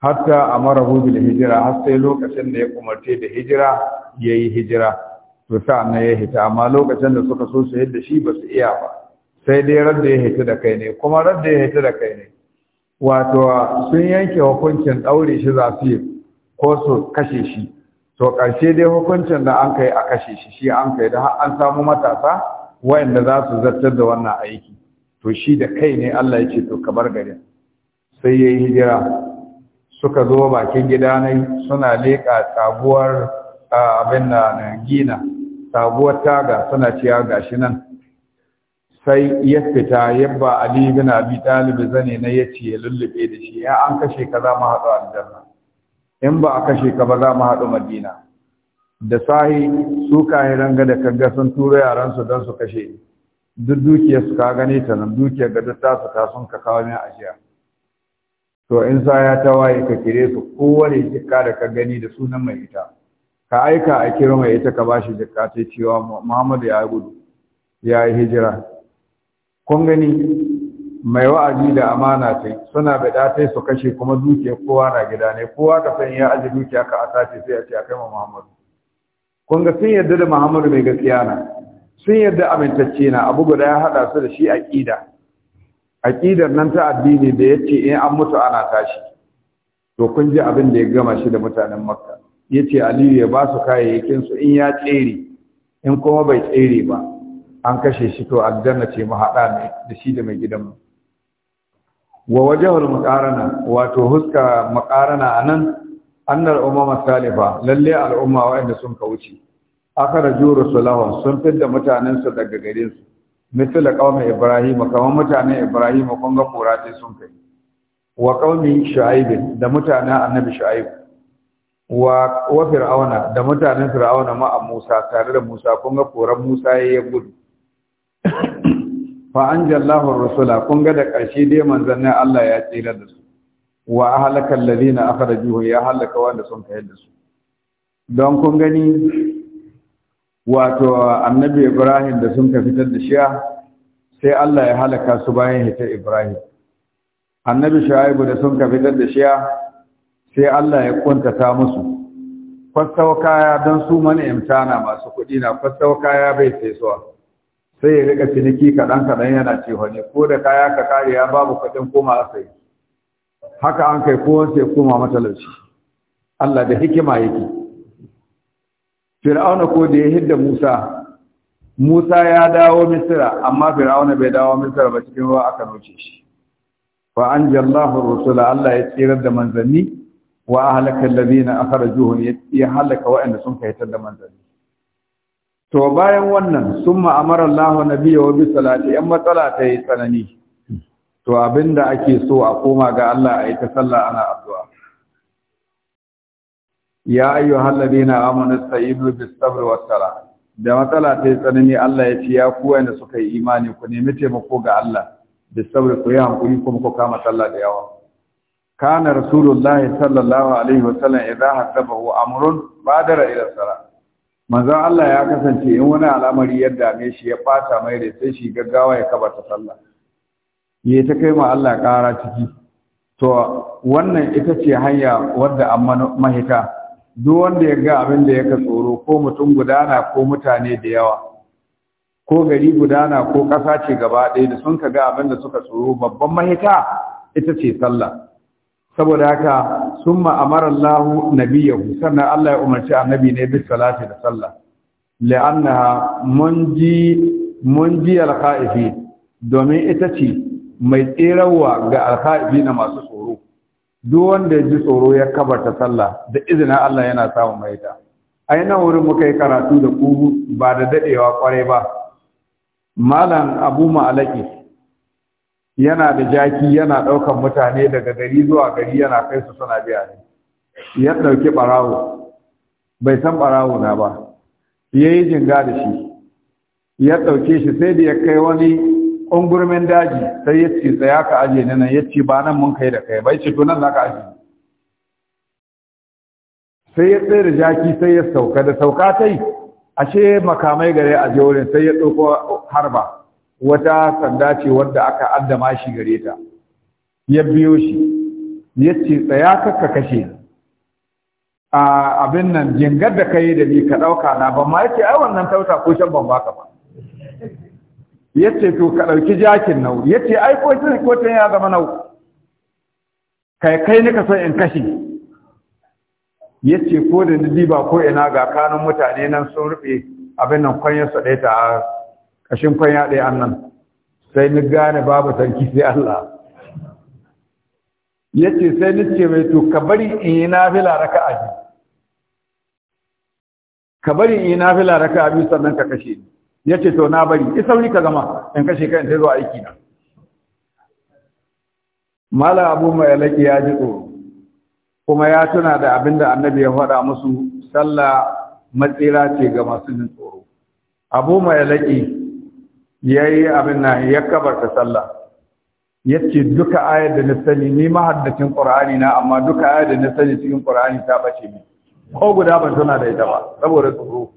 hatta hu bil hijra har sai lokacin da ya umarce da hijira yayi hijira to na ya hita amma lokacin da suka so su hidda shi ba su iya ba sai dai radda ya hita da kai ne kuma radda ya hita da kai ne wato sun yanke hukuncin ɗaure shi za su yi ko su kashe shi to ƙarshe dai hukuncin da an kai a kashe shi shi an kai da an samu matasa wayanda za su zartar da wannan aiki to shi da kai ne Allah ya ce to ka bar garin sai ya yi hijira suka zo bakin gida ne suna leƙa sabuwar abin na gina sabuwar taga suna ciya gashi nan sai ya fita yabba ali bin abi talib zane na yace ya lullube da shi ya an kashe ka za mu haɗu aljanna in ba a kashe ka ba za mu haɗu madina da sahi su kahiran ga da kaga sun turo yaran su don su kashe duk dukiyar su ka gane ta nan dukiyar ga ta su ta sun ka kawo min ajiya to in sa ya ta waye ka kire su kowane jikka da ka gani da sunan mai ita ka aika a kira mai ita ka bashi jikka ta cewa Muhammadu ya gudu ya yi hijira kun gani mai wa'azi da amana ce suna bada sai su kashe kuma dukiya kowa na gida ne kowa ka san ya aje dukiya ka asace sai a ce a kai Muhammadu kun ga sun yarda da Muhammadu mai gaskiya na sun yarda amintacce na abu guda ya hada su da shi aqida aqidar nan ta addini da yace in an mutu ana tashi to kun ji abin da ya gama shi da mutanen Makka yace Aliyu ya ba su kayayyakin su in ya tsere in kuma bai tsere ba an kashe shi to aljanna ce mu haɗa da shi da mai gidanmu wa wajahul muqarana wato huska muqarana anan annal umama salifa lalle al'umma wa'anda sun ka wuce akhraju rusulahum sun fidda mutanen su daga garin su misal qaumi ibrahim kamar mutanen ibrahim kun ga kurate sun kai wa qaumi shu'aib da mutanen annabi shu'aib wa wa fir'auna da mutanen fir'auna ma a musa tare da musa kun ga koran musa yayin gudu fa anjallahu rasula kun ga da ƙarshe dai manzannin Allah ya tsira da su wa ahlaka alladhina akhrajuhu ya halaka wanda sun kai da su don kun gani wato annabi Ibrahim da sun ka fitar da shiya sai Allah ya halaka su bayan hita Ibrahim annabi Shu'aibu da sun ka fitar da shiya sai Allah ya kuntata musu fassau kaya don su mana imtana masu kuɗi na fassau kaya bai sai suwa sai ya rika ciniki kaɗan kaɗan yana cewa ne ko da kaya ka kare ya babu kuɗin koma a sai haka an kai ko wanda ya koma matalauci Allah da hikima yake Fir'auna ko da ya hidda Musa Musa ya dawo Misira amma Fir'auna bai dawo Misira ba cikin ruwa aka noce shi fa anjallahu rusula Allah ya tsirar da manzanni wa ahlakal ladina akhrajuhum ya halaka wa'anda sun kai da manzanni to bayan wannan sun ma'amara Allah nabiya wa bi salati yan matsala ta yi tsanani to abinda ake so a koma ga Allah a yi ta sallah ana addu'a ya ayyuhal ladina amanu ista'inu bis sabr was da matsala ta yi tsanani Allah ya ce ya ku wanda suka yi imani ku nemi taimako ga Allah bis sabr ku yi hankuri kuma ku kama sallah da yawa kana rasulullahi sallallahu alaihi wasallam idza hasabahu amrun badara ila salah manzon Allah ya kasance in wani al'amari ya dame shi ya ɓata mai da sai shi gaggawa ya kaba ta sallah ya ta kai ma Allah ƙara ciki to wannan ita ce hanya wadda an mahita duk wanda ya ga abin da yaka tsoro ko mutum gudana ko mutane da yawa ko gari gudana ko ƙasa ce gaba ɗaya da sun ka ga abin da suka tsoro babban mahita ita ce sallah saboda haka summa amara Allah nabiyahu sannan Allah ya umarci annabi ne bis salati da sallah la'annaha mun ji alqaifi domin ita ce mai tserawa ga alhaifi na masu tsoro duk wanda ya ji tsoro ya kabarta sallah da izinin Allah yana samun maita. ta ai nan wurin muka yi karatu da kuhu ba da daɗewa kwarai ba malam Abu Ma'alaki yana da jaki yana ɗaukan mutane daga gari zuwa gari yana kai su suna biya ne ya ɗauki ɓarawo bai san ɓarawo na ba ya yi jinga da shi ya ɗauke shi sai da ya kai wani ƙungurmin daji sai ya ce tsaya ka aje nan ya ce ba nan mun kai da kai bai ce to nan za ka aje sai ya tsaye jaki sai ya sauka da sauka tai ashe makamai gare a jorin sai ya ɗauko harba wata sanda ce wadda aka addama shi gare ta ya biyo shi ya ce tsaya kakka kashe a abin nan jingar da ka yi da ni ka ɗauka na ban ma yake ai wannan tauta ko shan ban baka ba ya ce to ka ɗauki jakin nau ya ce ai ko shi ko ya zama nau kai kai ni ka son in kashe ya ce ko da ni ba ko ina ga kanun mutane nan sun rufe abin nan kwanyar su ɗaya ta kashin kwanya ɗaya annan sai ni gane babu sarki sai Allah ya ce sai ni ce mai to ka bari in yi na nafila raka a biyu ka bari in yi na nafila raka a biyu sannan ka kashe ni ya ce to na bari ki sauri ka gama in kashe ka in sai zo aiki na mala abu mai alaƙi ya ji tsoro kuma ya tuna da abin da annabi ya faɗa musu sallah matsira ce ga masu jin tsoro abu mai alaƙi yayi abin na ya kabarta sallah ce duka ayar da na sani ni mahaddacin qur'ani na amma duka ayar da na sani cikin qur'ani ta bace ni ko guda ban tuna da ita ba saboda tsoro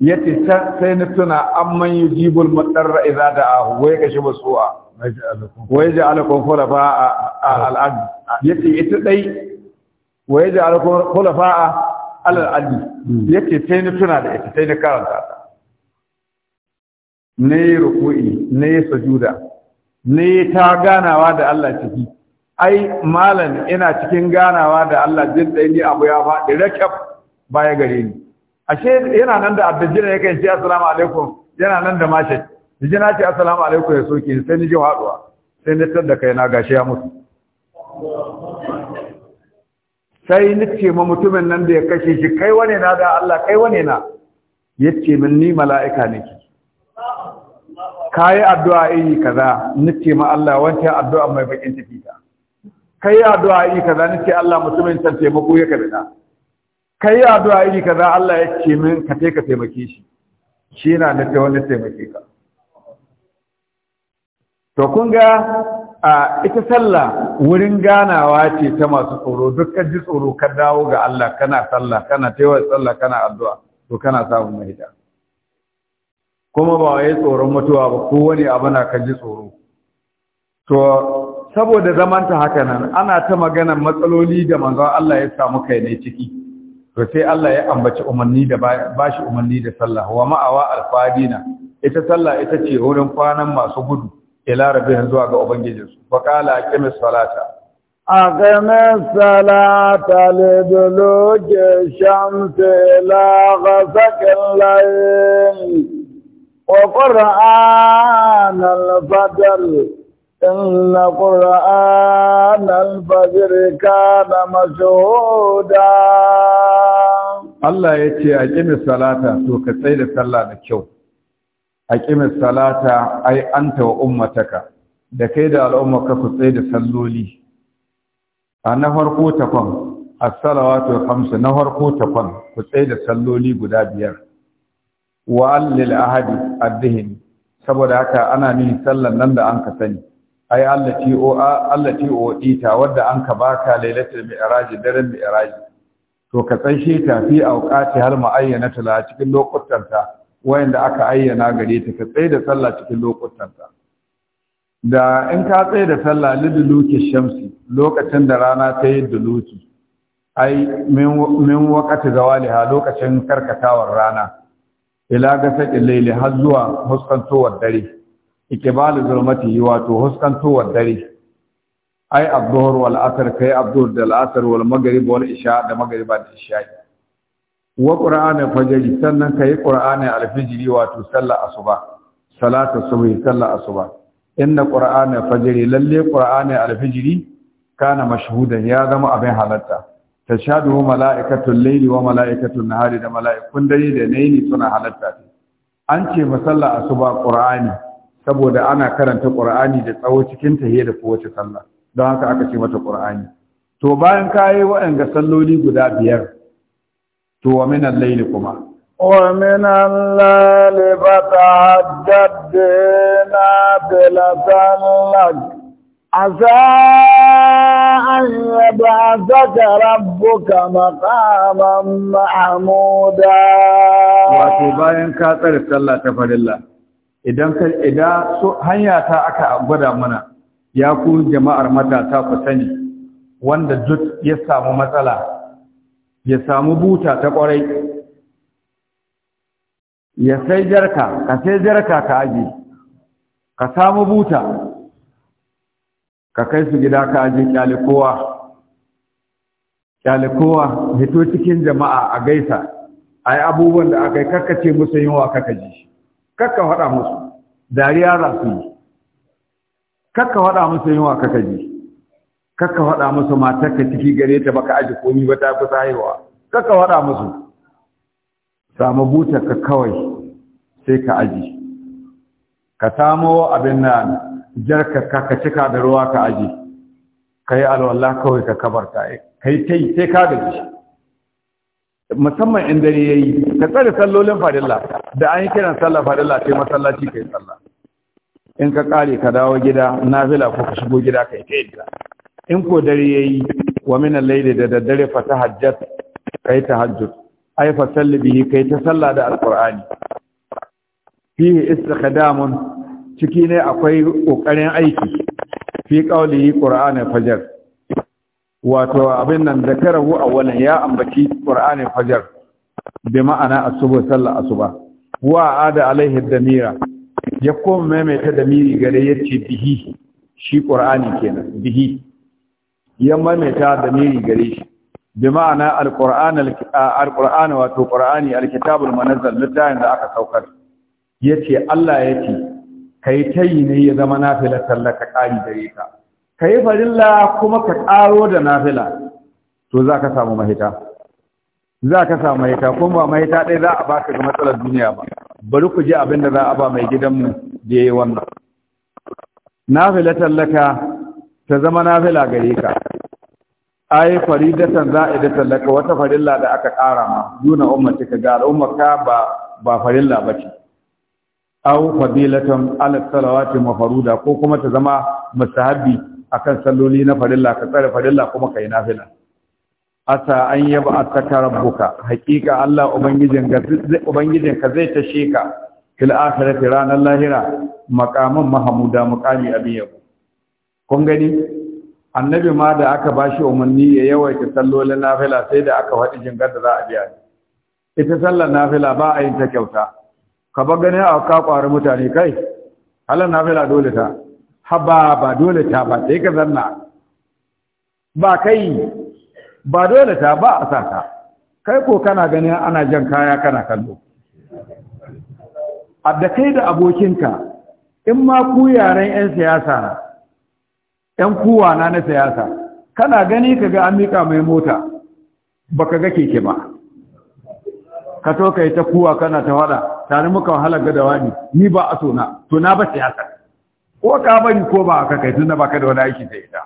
ce sai na tuna amman yujibul mudarra da da'ahu wai kashi basu'a wai kulafa a al'adu ya ce ita dai wai kulafa a al'adu ya ce sai na tuna da ita sai na karanta ta na yi ruku'i na yi sujuda na yi ta ganawa da Allah ciki ai malam ina cikin ganawa da Allah jin da ni abu ya faɗi ba baya gare ni ashe yana nan da addajina yake ce assalamu alaikum yana nan da mashe yaje na ce assalamu alaikum ya soke sai ni ji haɗuwa sai ni tar da kai na gashi ya mutu sai ni ce ma mutumin nan da ya kashe shi kai wane na da Allah kai wane na yace min ni mala'ika nake ka yi addu'a iri kaza nace ma Allah wance addu'a mai bakin tafi ta ka yi addu'a iri kaza nake Allah mutumin can taimako ya kaɗa. ka yi addu'a iri kaza Allah ya ce min ka ka taimake shi shi na nace wani taimake ka to kun ga a ita sallah wurin ganawa ce ta masu tsoro dukkan ji tsoro ka dawo ga Allah kana sallah kana taiwa sallah kana addu'a to kana samun mahita kuma ba wai tsoron mutuwa ba ko wani abu na ka ji tsoro to saboda zamanta haka nan ana ta maganar matsaloli da manzon Allah ya samu kai ne ciki to sai Allah ya ambaci umarni da bashi umarni da sallah wa ma'awa alfadina ita sallah ita ce wurin kwanan masu gudu ila rabbihim zuwa ga ubangijinsu fa qala aqimis salata أقم الصلاة لدلوك الشمس إلى غسق الليل وقرآن الفجر إن قرآن الفجر كان مشهودا Allah ya ce a ƙimis salata to ka tsaye sallah da kyau a salata ai wa ummataka da kai da al'umma ka ku tsaye da salloli a na farko na farko ku tsaye salloli guda biyar wa allil ahadi addihin saboda haka ana nihin sallan nan da an ka sani ai Allah allati o allati o ita wadda an ka baka lailatul mi'raj daren mi'raj to ka tsanshe ta fi auqati har ma'ayyana la cikin lokutan ta wayanda aka ayyana gare ta ka tsaye da sallah cikin lokutan da in ka tsaye da sallah liduluki shamsi lokacin da rana ta yi duluki ai min wakati zawaliha lokacin karkatawar rana ila ga sakin laili har zuwa huskantowar dare ikibalu zulmati wato huskantowar dare ai abdur wal asr kai abdur da asr wal maghrib wal isha da maghriba da isha wa qur'ana fajr sannan kai qur'ana al fajr wato sallah asuba salatu subhi sallah asuba inna qur'ana fajr lalle qur'ana al fajr kana mashhudan ya zama abin halatta tashaduhu mala'ikatul layli wa mala'ikatul nahari da mala'ikun dare da naini suna halatta an ce masalla asuba qur'ani saboda ana karanta qur'ani da tsawo cikin tahiyya da kowace sallah don haka aka ce mata qur'ani to bayan kayi ga salloli guda biyar to wa min al-layli kuma wa min al-layli fatahajjad bi nafilatan عسى أن يبعثك ربك مقاما محمودا wato bayan ka tsare sallah ta farilla idan ka hanya ta aka gwada mana ya ku jama'ar matasa ku sani wanda duk ya samu matsala ya samu buta ta kwarai ya sai jarka ka sai ka samu buta ka kai su gida ka aje kyalikowa kyalikowa hito cikin jama'a a gaisa ai abubuwan da aka yi kakkace musu wa kaka ji kakka faɗa musu dariya za su yi kakka faɗa musu wa kaka ji kakka faɗa musu ka ciki gare ta baka aji komi ba ta kusa haihuwa kakka faɗa musu samu ka kawai sai ka aji ka samo abin nan jarka ka ka cika da ruwa ka aji ka yi alwala kawai ka kabarta ka yi ta yi sai ka gaji musamman in dare ya yi ka tsare sallolin fadilla da an yi kiran sallar fadilla sai masallaci ka yi sallah in ka kare ka dawo gida nafila ko ka shigo gida ka yi ta yi in ko dare ya yi wa mina laili da daddare fa tahajjat kai tahajjud ai fa salli bihi kai ta salla da alqur'ani ka istikhdamun ciki ne akwai ƙoƙarin aiki fi qawli qur'anul fajr wato abin nan zakarahu awwalan ya ambaci qur'anul fajr bi ma'ana as-subh sallah asuba wa ada alaihi damira ya koma maimaita damiri gare yace bihi shi qur'ani kenan bihi ya maimaita damiri gare shi bi ma'ana al wato ƙur'ani, al-kitabul munazzal littafin da aka saukar ya ce Allah ya ce ka yi ta yi ne ya zama nafila talla ka ƙari gare ka ka yi farilla kuma ka ƙaro da nafila to za ka samu mahita za ka samu mahita kuma ba mahita ɗaya za a baka ga matsalar duniya ba bari ku ji abin da za a ba mai gidanmu da ya yi wannan nafila tallaka ta zama nafila gare ka ai faridatan za'idatan laka wata farilla da aka ƙara ma duna ummatika ga ka ba ba farilla bace aw fadilatan ala salawati mafruda ko kuma ta zama masahabbi akan salloli na farilla ka tsare farilla kuma kai nafila asa an yaba ataka rabbuka hakika Allah ubangijin ka ubangijin ka zai tashe ka fil akhirati ranar lahira maqaman mahmuda muqami abin yabo kun gani annabi ma da aka bashi umarni ya yawaita sallolin nafila sai da aka faɗi jingar da za a biya ita sallar nafila ba a yin ta kyauta ka ba gani a ka kwari mutane kai Halin na nafila dole ta haba ba dole ta ba sai ka zanna ba kai ba dole ta ba a sata. kai ko kana ganin ana jan kaya kana kallo da kai da abokinka in ma ku yaren 'yan siyasa na 'yan kuwa na na siyasa kana gani ka ga an miƙa mai mota Ba ka ga keke ba ka to ka yi ta kuwa kana ta wada tare muka wahala ga ne. ni ba a tona to na ba siyasa ko ka bari ko ba ka kai tunda ba ka da wani aiki da ita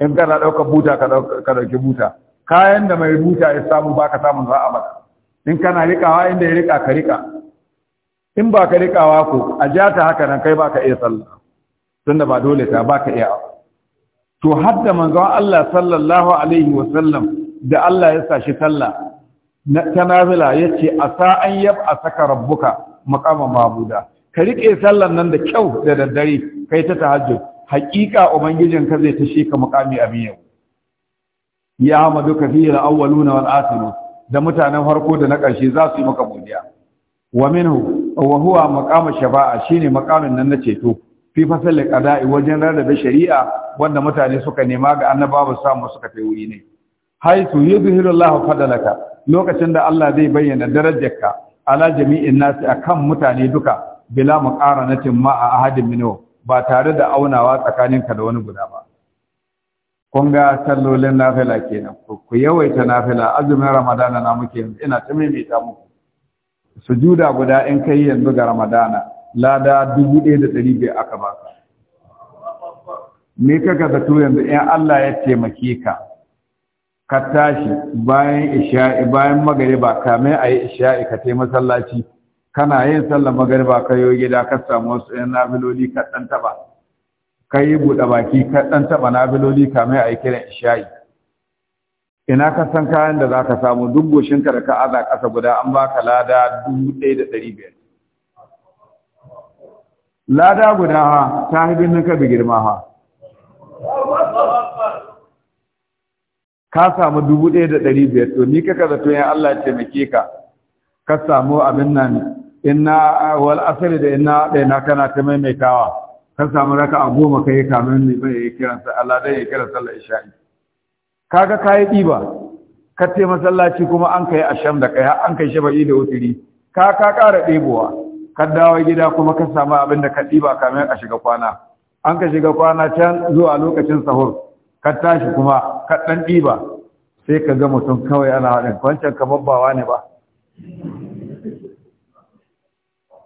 in kana dauka buta ka ɗauki buta kayan da mai buta ya samu ba ka samun za a bata in kana rikawa inda ya rika ka rika in ba ka rikawa ko a ja ta haka nan kai ba ka iya sallah tunda ba dole ta ba ka iya to hadda manzon Allah sallallahu alaihi wasallam da Allah ya sa shi sallah ta nazila ya ce a sa'an yab a saka rabbuka makaman mabuda ka riƙe sallan nan da kyau da daddare kai ta tahajjo haƙiƙa ubangijin ka zai tashe ka mukami abin yau ya hama duka fiye da awwalu na wal'asiru da mutanen farko da na ƙarshe za su yi maka godiya wa minhu wa huwa maqamu shafa'a shine makamin nan na ceto fi fasalil qada'i wajen rarrabe shari'a wanda mutane suka nema ga annabawa su samu suka kai wuri ne haitu yuzhiru Allah fadalaka lokacin da Allah zai bayyana darajarka ala jami'in nasi kan mutane duka bila muqaranatin ma a ahadin minhu ba tare da aunawa tsakanin ka da wani guda ba kun ga sallolin nafila kenan ku yawaita nafila azumin ramadana na muke yanzu ina ta maimaita muku sujuda guda in kai yanzu ga ramadana lada dubu ɗaya da ɗari biyar aka ka. me kaga zato yanzu in Allah ya taimake ka ka tashi bayan isha'i bayan magariba kamin a yi isha'i ka tai masallaci kana yin sallar magariba ka yi gida ka samu wasu yan nabiloli ka ɗan taɓa ka yi buɗe baki ka ɗan taɓa nabiloli kamin a yi kiran isha'i ina ka san kayan da za ka samu duk goshinka da ka aza ƙasa guda an ka lada dubu ɗaya da ɗari biyar lada guda ha ta hibin ka bi girma ha ka samu dubu ɗaya da ɗari biyar to ni kaka zato ya Allah ya taimake ka ka samu abin nan inna wal asali da inna ɗaya na kana ta maimaitawa ka samu raka a goma ka yi kamar ni bai yi kiran sa Allah dai ya kira sallar isha'i kaga ka yi ɗiba ka ce masallaci kuma an kai asham da kai an kai shaba'i da wuturi ka ka ƙara ɗebowa ka dawo gida kuma ka samu abin da ka ɗiba kamar a shiga kwana an ka shiga kwana can zuwa lokacin sahur ka tashi kuma ka ɗan ɗiba sai ka ga mutum kawai ana haɗin kwanciyar ka babbawa ne ba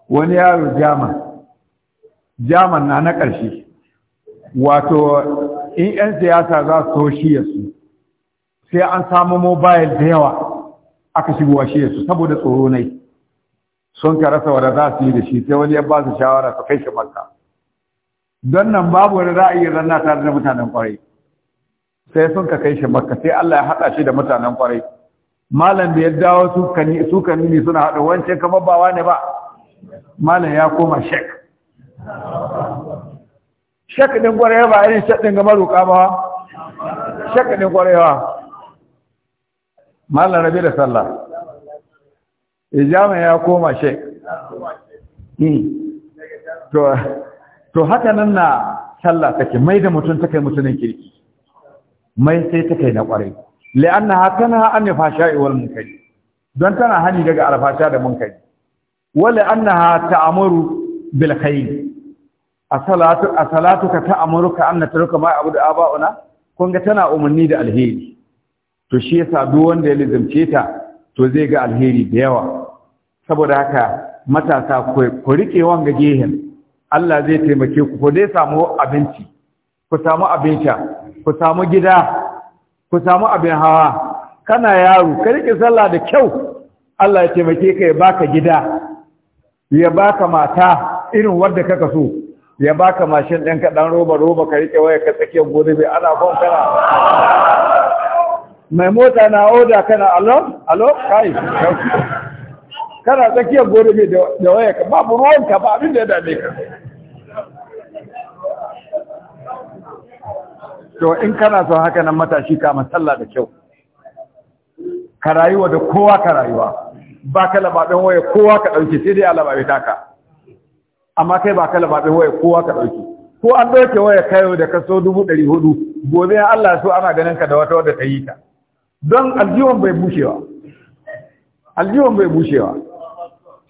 wani yaro jama jaman na na ƙarshe wato in 'yan siyasa za su shi ya su sai an samu mobile da yawa aka shigowa shi ya su saboda tsoro ne sun ka rasa wadda za su yi da shi sai wani ya ba su shawara su kai shi makka don nan babu wani ra'ayi ranar tare da mutanen kwarai sai sun ka kai shi makka sai Allah ya haɗa shi da mutanen kwarai malam da ya dawo su kani su kani suna haɗa wancan kamar ba wane ba malam ya koma shek shek din kwarai ba irin shek din ga maruka ba shek din kwarai ba malam rabi da sallah ijama ya koma shek hmm. to to haka nan na sallah take mai da mutum take mutumin kirki mai sai ta kai na kwarai la'anna hakana an fasha'i wal munkari don tana hani daga alfasha da munkari wala annaha ta'muru bil khair asalatu ta'muru ta an mai ma da aba'una kun ga tana umarni da alheri to shi yasa duk wanda ya lizimce ta to zai ga alheri da yawa saboda haka matasa ku rike wanga gehen Allah zai taimake ku ku dai samu abinci ku samu abinci ku samu gida ku samu abin hawa kana yaro ka rike sallah da kyau Allah ya taimake ka ya baka gida ya baka mata irin wadda kaka so ya baka mashin ɗan kaɗan roba roba ka rike waya ka tsakiyar gobe bai ana kwan kana mai mota na oda kana alo alo kai kana tsakiyar gobe da waya ka babu ruwanka ba abin da ya dame ka to in kana son haka nan matashi kama sallah da kyau ka rayuwa da kowa ka rayuwa ba ka labaɗin waya kowa ka ɗauke sai dai a labarai taka amma kai ba ka labaɗin waya kowa ka ɗauke ko an ɗauke waya kayo da kaso dubu ɗari hudu gobe ya Allah so ana ganin ka da wata wadda ta yi ta don aljiwon bai bushewa aljiwon bai bushewa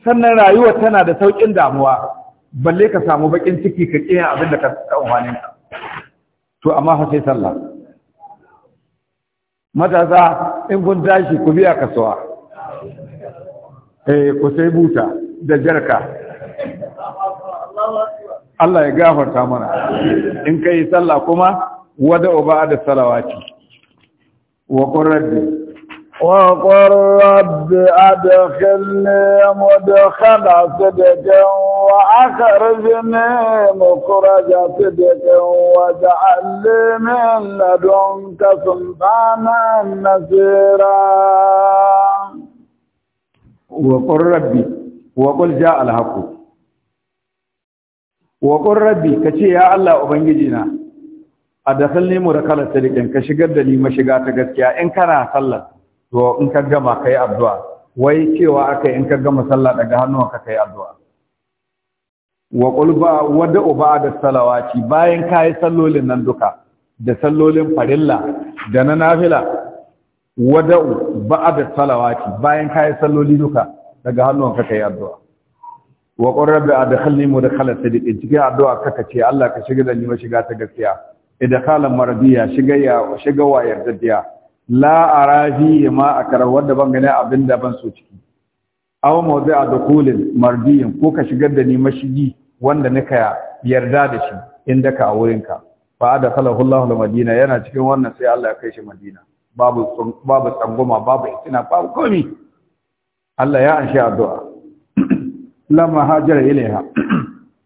sannan rayuwa tana da sauƙin damuwa balle ka samu baƙin ciki ka ƙiyan abin da ka ɗan to amma fa sai sallah matasa in kun tashi ku biya kasuwa eh ku sai buta da jarka Allah ya gafarta mana in kai sallah kuma wada uba da salawati wa qurrabi wa qurrabi adkhilni mudkhala sadaqan وأخرجني مخرج صدق واجعل لي من لدنك سلطانا نصيرا وقل ربي وقل جاء الحق وقل ربي كتي يا الله أبنجينا أدخلني مركلة تلك إن كشغل دني مشغات غسكيا إن كان صلى to in جمع كي kai addu'a wai cewa akai in ka gama sallah daga hannuwanka kai wa qulba wada uba da salawati bayan kai sallolin nan duka da sallolin farilla da na nafila wada uba da salawati bayan kai salloli duka daga hannunka kai addu'a wa qurrabi adkhilni mudkhala sadiqin cikin addu'a kaka ce Allah ka shiga da ni shiga ta gaskiya idkhalan mardiya shiga ya shiga wa yardadiya la arafi ma akara wanda ban gane abinda ban so ciki aw mawdi'a dukulin mardiyin ko ka shigar da ni mashigi wanda nika yarda da shi inda ka a wurinka fa da kalahu Allahu madina yana cikin wannan sai Allah ya kai shi madina babu babu tsangoma babu itina babu komi Allah ya anshi addu'a lamma hajara ilaiha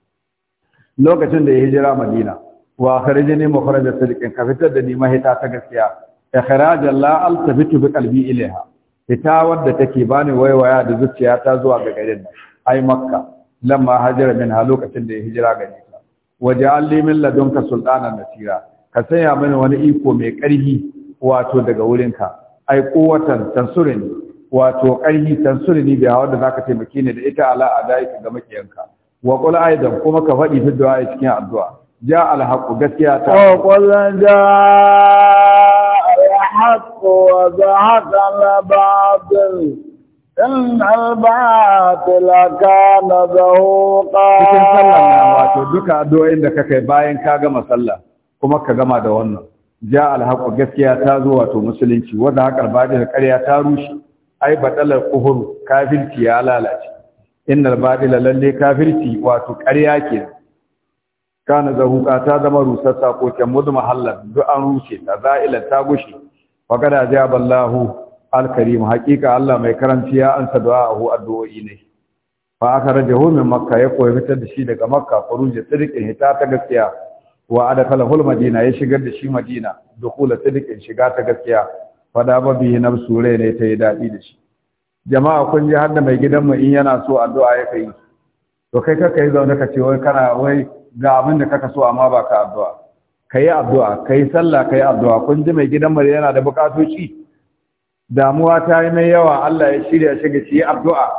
lokacin da ya hijira madina wa kharajani makharaja sadiqin ka fitar da ni mahita ta gaskiya ikhraja la altafitu bi qalbi ilaiha ita wadda take bani waiwaya da zuciya ta zuwa ga garin ai makka lamma min minha lokacin da ya hijira gare waje an limin ladunka sultanan nasira ka sanya mini wani iko mai ƙarfi wato daga wurinka ai kowatan tansurini wato ƙarfi tansurini da hawa da zaka taimake ni da ita ala adaika ga makiyanka wa qul aidan kuma ka faɗi fi du'a cikin addu'a ja al gaskiya ta wa qul ja al wa zahaqa al batil in albatila kana zahuqa cikin sallan nan wato duka addu'o'in da kakai bayan ka gama sallah kuma ka gama da wannan ja alhaqu gaskiya ta zo wato musulunci wanda haƙar badil ƙarya ta rushe ai badalar kufuru kafirci ya lalace innal badila lalle kafirci wato ƙarya ke kana zahuqa ta zama rusassa ko kan mudu mahallan duk an rushe ta za'ila ta gushe faqad ajaballahu alkarim haƙiƙa Allah mai karanci ya ansa du'a'ahu addu'o'i ne fa aka rajahu min makka ya koyi fitar da shi daga makka furuje sirqin hita ta gaskiya wa Hul madina ya shigar da shi madina dukhula sirqin shiga ta gaskiya fada ba bi nafsu rai ne ta yi daɗi da shi jama'a kun ji har da mai gidanmu in yana so addu'a ya kai to kai kaka yi zaune ka ce wai kana wai ga abin da kaka so amma ba ka addu'a ka yi addu'a ka yi sallah ka yi addu'a kun ji mai gidanmu yana da bukatoci damuwa ta yi mai yawa Allah ya shirya shi ga shi addu'a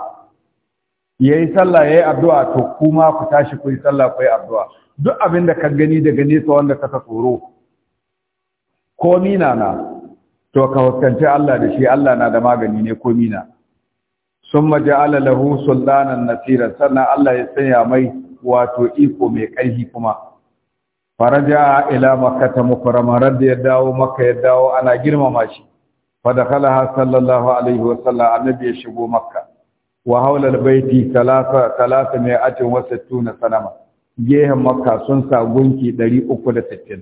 yayi sallah yayi addu'a to kuma ku tashi ku yi sallah ku yi addu'a duk abin da ka gani daga nesa wanda ka ta tsoro ko mina na to ka huskanci Allah da shi Allah na da magani ne ko mina summa ja'ala lahu sultanan nasira sannan Allah ya sanya mai wato iko mai ƙarfi kuma faraja ila makka ta mukarrama da ya dawo maka ya dawo ana girmama shi fa dakalaha sallallahu alaihi wa sallam annabi ya shigo makka Wahalar haula albayti talata talata mai atin wa tuna sanama gehen makka sun sa gunki 360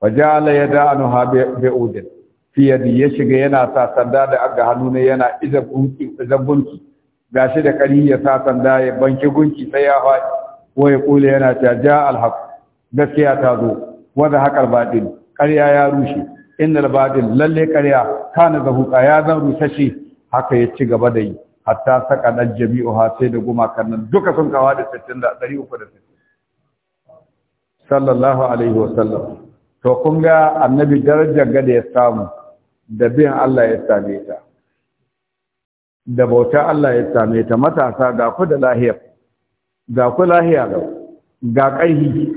wa ja'ala yada'anuha bi'udin fi yadi ya shiga yana sa sanda da aga hannu yana iza gunki iza gunki gashi da kari ya sa sanda ya banki gunki sai ya faɗi ko ya yana ta ja alhaq gaskiya ta zo wanda haƙar baɗin ƙarya ya rushe innal badil lalle ƙarya kana zahuqa ya zan rusashi haka ya ci gaba da yi hatta saka jami'u ha sai da gumakan nan duka sun kawo da 60 da 360 sallallahu alaihi wasallam to kun ga annabi darajar gada ya samu da bin Allah ya same ta da bauta Allah ya same ta matasa ga ku da lahiya ga ku lahiya ga ƙaihi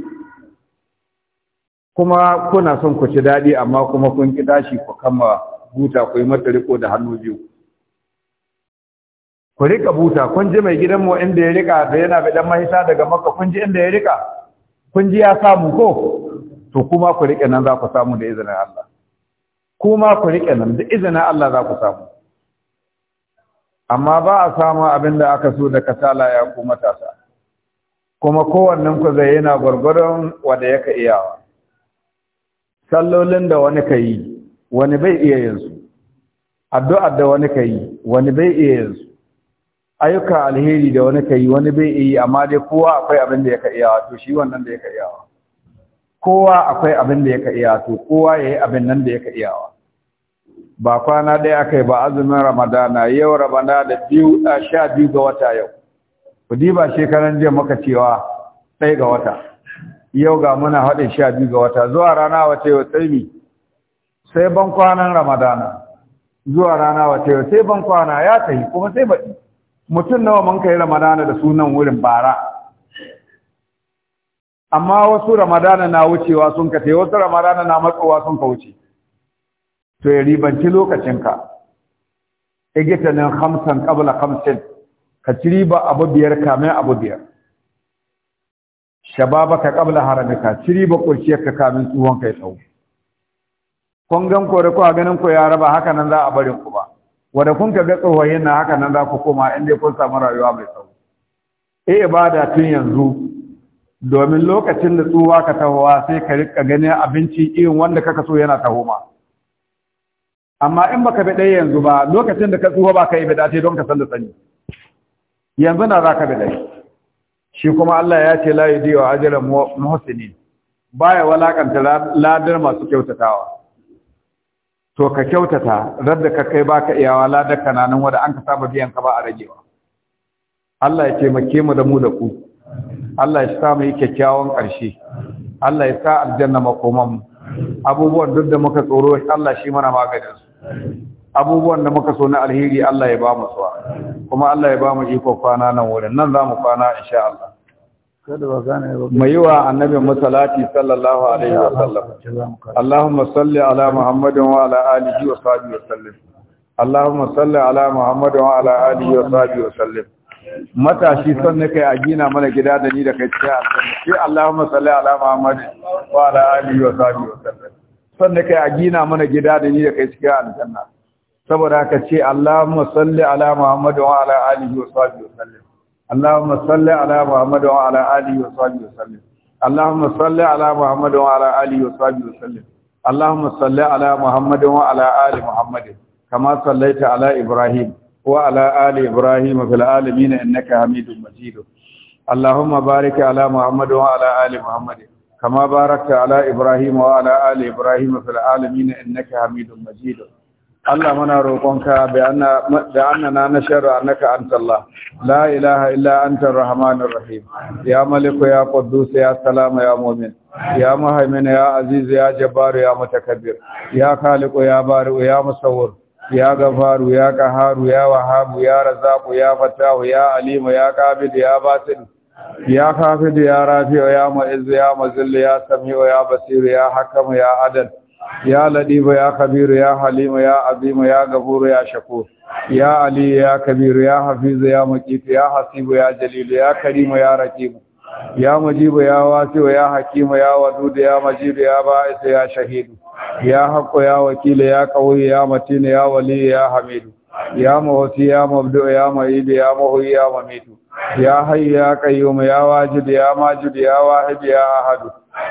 kuma kuna son ku ci daɗi amma kuma kun ki tashi ku kama buta ku yi mata riko da hannu biyu ku rika buta kun ji mai gidanmu inda ya rika da yana bidan mahisa daga makka kun ji inda ya rika kun ji ya samu ko to kuma ku rike nan za ku samu da izinin Allah kuma ku rike nan da izinin Allah za ku samu amma ba a samu abin da aka so da kasala ya kuma matasa kuma kowannen ku zai yana gwargwaron wanda yaka iyawa sallolin da wani ka yi wani bai iya yanzu addu'ar da wani ka yi wani bai iya yanzu ayyuka alheri da wani ka yi wani bai iya yi amma dai kowa akwai abin da ya ka iya to shi wannan da ya ka iyawa kowa akwai abin da ya ka iyawa to kowa ya yi abin nan da ya ka iyawa ba kwana ɗaya aka yi ba azumin ramadana yau rabana da biyu a sha biyu ga wata yau ku diba shekaran jiya muka cewa ɗaya ga wata yau ga muna haɗin sha biyu ga wata zuwa rana wata yau tsaimi sai ban kwanan ramadana zuwa rana wata yau sai ban kwana ya yi kuma sai baɗi mutum nawa mun kai ramadana da sunan wurin bara amma wasu ramadana na wucewa sun kace wasu ramadana na matsowa sun ka wuce. to ya ribanci lokacinka igitanin hamsin kabla hamsin ka ci riba abu biyar kamin abu biyar shababaka qabla haramika ciri ba ka kamin tsuwon kai tsawo kun gan ko ganin ku ya raba haka nan za a bari ku ba wanda kun ka ga tsohoyin na haka nan za ku koma in dai kun samu rayuwa mai tsawo eh ibada tun yanzu domin lokacin da tsuwa ka tahowa sai ka rika ganin abinci irin wanda kaka so yana taho ma amma in baka bi ɗaya yanzu ba lokacin da ka tsuwa ba ka yi bida don ka san da sani yanzu na za ka bi ɗaya shi kuma Allah ya ce la yudiyu ajra muhsinin baya walakanta ladar masu kyautatawa to ka kyautata radda ka kai baka iyawa ladar kananan wanda an ka saba biyan ka ba a ragewa Allah ya taimake mu da mu da ku Allah ya sa mu yi kyakkyawan karshe Allah ya sa aljanna makoman mu abubuwan duk da muka tsoro Allah shi mana maganin abubuwan da muka so na alheri Allah ya ba mu suwa kuma Allah ya ba mu iko kwana nan wurin nan za mu kwana insha Allah mai wa annabi masalati sallallahu alaihi wa sallam Allahumma salli ala Muhammadin wa ala alihi wa sahbihi wa sallim Allahumma salli ala Muhammadin wa ala alihi wa sahbihi wa sallim matashi son ne kai a gina mana gida da ni da kai cikin aljanna sai Allahumma salli ala Muhammadin wa ala alihi wa sahbihi wa sallim son ne kai a gina mana gida da ni da kai cikin aljanna saboda ka ce Allahumma salli ala Muhammad wa ala alihi wa sahbihi wasallim Allahumma salli ala Muhammad wa ala alihi wa sahbihi wasallim Allahumma salli ala Muhammad wa ala alihi wa sahbihi wasallim Allahumma salli ala Muhammad wa ala ali Muhammad kama sallaita ala Ibrahim wa ala ali Ibrahim fil alamin innaka Hamidum Majid Allahumma barik ala Muhammad wa ala ali Muhammad كما ala Ibrahim wa وعلى آل إبراهيم في العالمين إنك حميد مجيد Allah muna roƙonka da annana na sharra annaka antallah la ilaha illa anta arrahmanir rahim ya maliku ya quddus ya salama ya mu'min ya muhaimin ya azizu ya jabbar ya mutakabbir ya khaliqu ya bari ya musawwir ya ghafaru ya qaharu ya wahabu ya razaqu ya fatahu ya alimu ya qabid ya basit ya khafid ya rafi ya mu'izz ya muzil ya samiu ya basiru ya hakim ya adal ya ladiba ya kabiru ya halimu ya azimu ya gafuru ya shako ya Aliyu ya kabiru ya hafizu ya mukitu ya hasibu ya jalilu ya karimu ya rakimu ya mujibu ya wasiu ya Hakima ya wadudu ya majidu ya ba'isu ya shahidu ya haqqu ya wakilu ya qawi ya matinu ya wali ya hamidu ya muhsi ya mabdu ya maidu ya muhyi ya mamitu ya hayyu ya qayyum ya wajid ya majid ya wahid ya ahad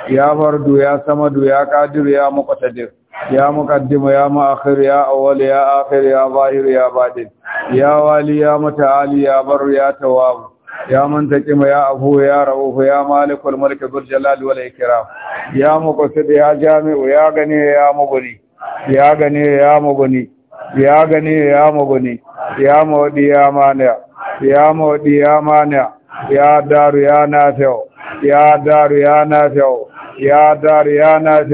ya fardu ya samadu ya qadir ya muqtadir ya muqaddim ya muakhir ya awwal ya akhir ya zahir ya batin ya wali ya mutaali ya bar ya tawwab يا منتقم يا أبو يا رؤوف يا مالك الملك ذو الجلال والإكرام يا مقصد يا جامع يا غني يا مغني يا غني يا مغني يا غني يا مغني يا مودي يا مانع ya mawaɗi ya mana ya daru ya na ya daru ya na ya daru ya na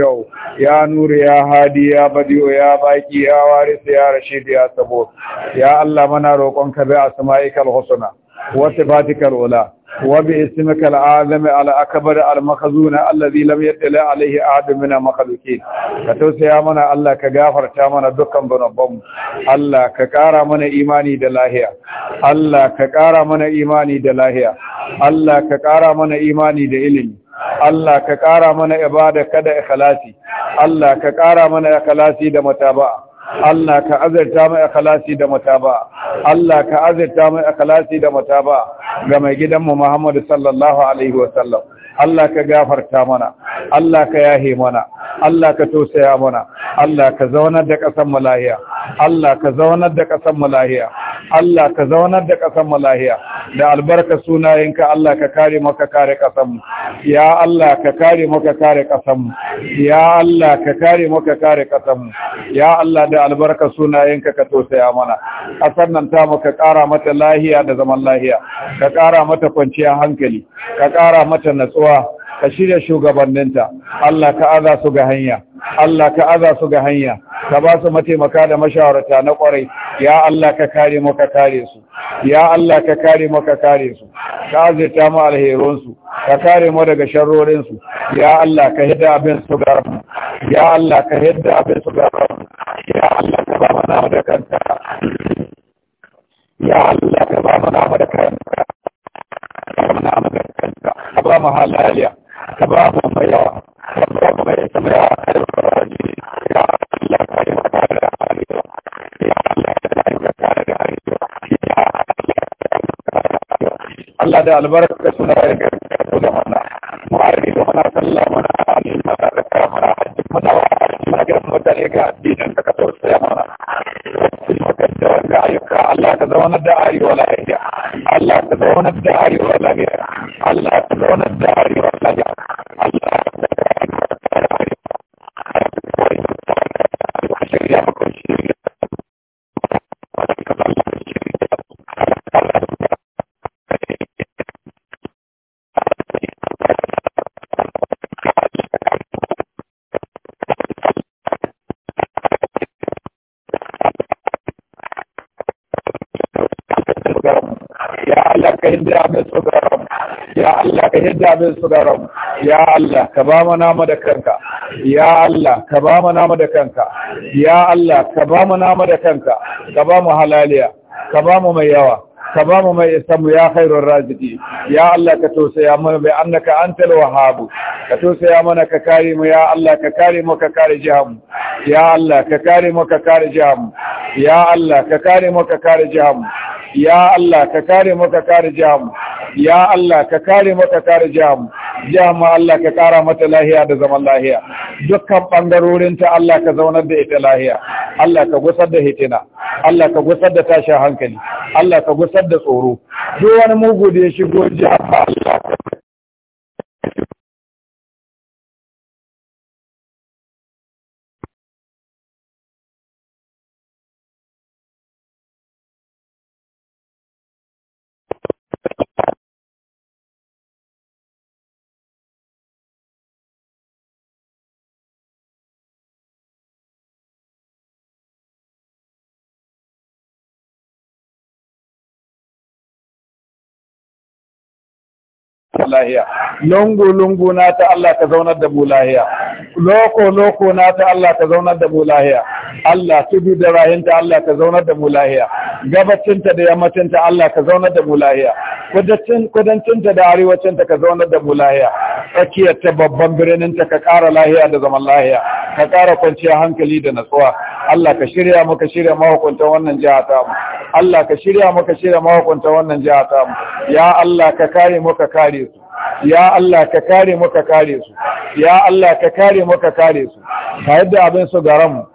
ya nuri ya hadi ya badiyo ya baki ya warisa ya rashidi ya sabo ya allah mana roƙon ka a sama'ikal husna وصفاتك الأولى وباسمك العالم على أكبر المخزون الذي لم يطلع عليه أحد من المخلوقين كتوسع منا الله كغافر تامنا دكان بنبم الله كقارا منا إيماني دلاهيا الله كقارا منا إيماني دلاهيا الله كقارا منا إيماني دإلمي Allah ka ƙara mana ibada kada ikhlasi Allah ka ƙara mana ikhlasi da mataba'a Allah ka azarta mai akalasi da mataba Allah ka azarta mai akalasi da mataba ga mai gidanmu Muhammad sallallahu alaihi wasallam Allah ka gafarta mana Allah ka yahe mana Allah ka tausaya mana Allah ka zaunar da ƙasar mu lahiya Allah ka zaunar da ƙasar mu lahiya Allah ka zaunar da ƙasar mu lahiya da albarka sunayenka Allah ka kare maka kare ƙasanmu. ya Allah ka kare maka kare ƙasanmu. ya Allah ka kare maka kare ƙasanmu. ya Allah da albarka sunayenka ka tosaya mana ƙasar nan ta maka ƙara mata lahiya da zaman lahiya ka ƙara mata kwanciyar hankali ka ƙara mata natsuwa ka shirya shugabanninta Allah ka aza su ga hanya Allah ka aza su ga hanya ka ba su mataimaka da mashawarta na kwarai ya Allah ka kare mu ka kare su ya Allah ka kare mu ka kare su ka azirta mu alherun su ka kare mu daga sharrorin su ya Allah ka hidda abin su ga ya Allah ka hidda abin su ga ya Allah ka ba mana da kanta. ya Allah ka ba mana da kanta. ka ba mana da kanta. ka ba mu halaliya kababu mai yawa kababu mai kama yawa a yau kawai ya Allah ka yi maka da hali yau ya Allah ka yi maka da hali ya Allah ka yi maka da hali Allah da albarka suna yi gari ka yi da mana mu a yi mana sallah mana a mana da kara mana a yi mana wa a yi da mana gari mu da ne ga addinin da da wanda ayyuka Allah ka zaunar da arewa lafiya Allah ka zaunar da arewa lafiya Allah ka zaunar da arewa lafiya Allah ka zaunar da arewa lafiya ka hidda min tsogaron ya Allah ka hidda min tsogaron ya Allah ka ba mu nama da kanka ya Allah ka ba mu nama da kanka ya Allah ka ba mu nama da kanka ka ba mu halaliya ka ba mu mai yawa ka ba mu mai mu! ya khairun raziki ya Allah ka tausaya mana bai annaka antal wahhabu ka tosaya mana ka kare mu ya Allah ka kare mu ka kare jihamu ya Allah ka kare mu ka kare jihamu ya Allah ka kare mu ka kare jihamu ya Allah ka kare mu ka kare jihamu ya Allah ka kare mu ka kare jihamu jihamu Allah ka kara mata lahiya da zaman lahiya dukkan bangarorin ta Allah ka zaunar da ita lahiya Allah ka gusar da hitina Allah ka gusar da tashin hankali Allah ka gusar da tsoro duk wani mugu da ya shigo jihamu Allah ka lahiya lungu lungu na ta Allah ka zaunar da mu lahiya loko loko na ta Allah ka zaunar da mu lahiya Allah tudu da rahinta Allah ka zaunar da mu lahiya gabacinta da yammacinta Allah ka zaunar da mu lahiya kudancinta da ta ka zaunar da mu lahiya ta babban ta ka ƙara lahiya da zaman lahiya ka ƙara kwanciya hankali da natsuwa Allah ka shirya maka shirya mahukuntan wannan jiha ta mu Allah ka shirya maka shirya mahukuntan wannan jiha ta mu ya Allah ka kare ka kare su ya Allah ka kare mu ka kare su ya Allah ka kare mu ka kare su ka yadda abin su garan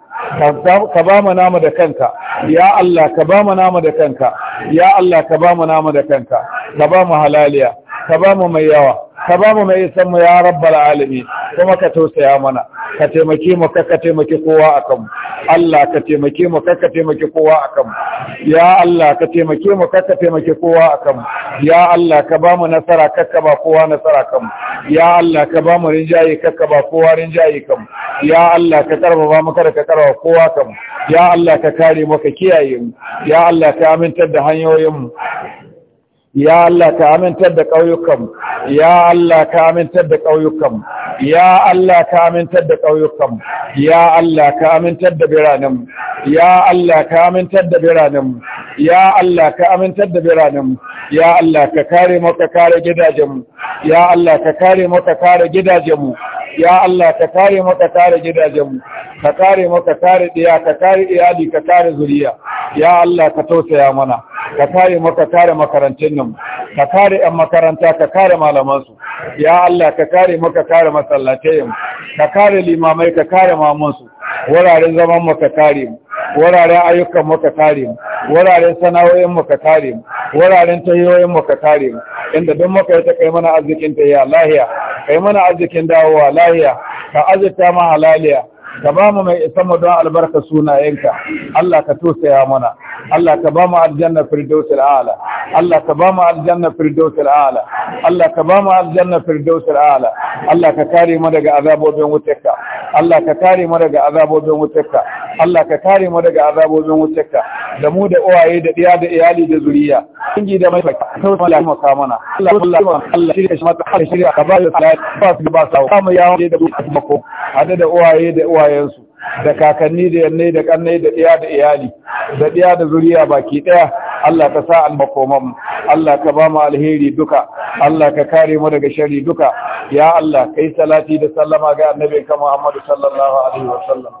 ka ba mu nama da kanka ya Allah ka ba mu nama da kanka ya Allah ka ba mu nama da kanka ka ba mu halaliya ka ba mu mai yawa ka ba mu mai isan mu ya rabbal alamin kuma ka tausaya mana ka taimake mu ka ka taimake kowa akan mu Allah ka taimake mu ka ka taimake kowa akan mu ya Allah ka taimake mu ka ka taimake kowa akan mu ya Allah ka ba mu nasara ka ka ba kowa nasara kan mu ya Allah ka ba mu rinjaye ka ka ba kowa rinjaye kan mu ya Allah ka karba mu kada ka karba kowa kan mu ya Allah ka kare mu ka kiyaye mu ya Allah ka amintar da hanyoyin mu ya Allah ka amintar da ƙauyukan ya Allah ka amintar da ƙauyukan ya Allah ka amintar da ƙauyukan ya Allah ka amintar da biranen ya Allah ka amintar da biranen ya Allah ka amintar da biranen ya Allah ka kare mu ka kare gidajenmu ya Allah ka kare mu ka kare gidajenmu ya Allah ka kare mu ka kare gidajenmu ka kare mu ka kare diya ka kare iyali ka kare zuriya ya Allah ka tausaya mana ka kare mu ka kare makarantun ka kare yan makaranta ka kare malamansu, su ya Allah ka kare maka ka kare masallatayin. ka kare limamai ka kare mamansu. wuraren zaman mu ka kare mu wuraren ayyukan mu ka kare mu wuraren sana'o'in mu ka kare mu wuraren tayoyin mu ka kare inda duk muka yi ta kai mana arzikin ta ya lahiya kai mana arzikin dawowa lahiya ka azurta ma halaliya ka ba mu mai isa mu don albarka sunayenka Allah ka tosaya mana Allah ka ba mu aljanna firdausul a'la Allah ka ba mu aljanna firdausul a'la Allah ka ba mu aljanna firdausul a'la Allah ka kare mu daga azabobin wutarka Allah ka kare mu daga azabobin wutarka Allah ka kare mu daga azabobin wutarka da mu da uwaye da diya da iyali da zuriya kingi da mai Allah ka mana Allah Allah shirya shi mata shirya ka ba ba su ba mu yawo da mako hada da uwaye da iyayensu da kakanni da yannai da kannai da ɗiya da iyali da ɗiya da zuriya baki ɗaya Allah ka sa almakoman Allah ka ba alheri duka Allah ka kare mu daga shari duka ya Allah kai salati da sallama ga ka Muhammad sallallahu alaihi wasallam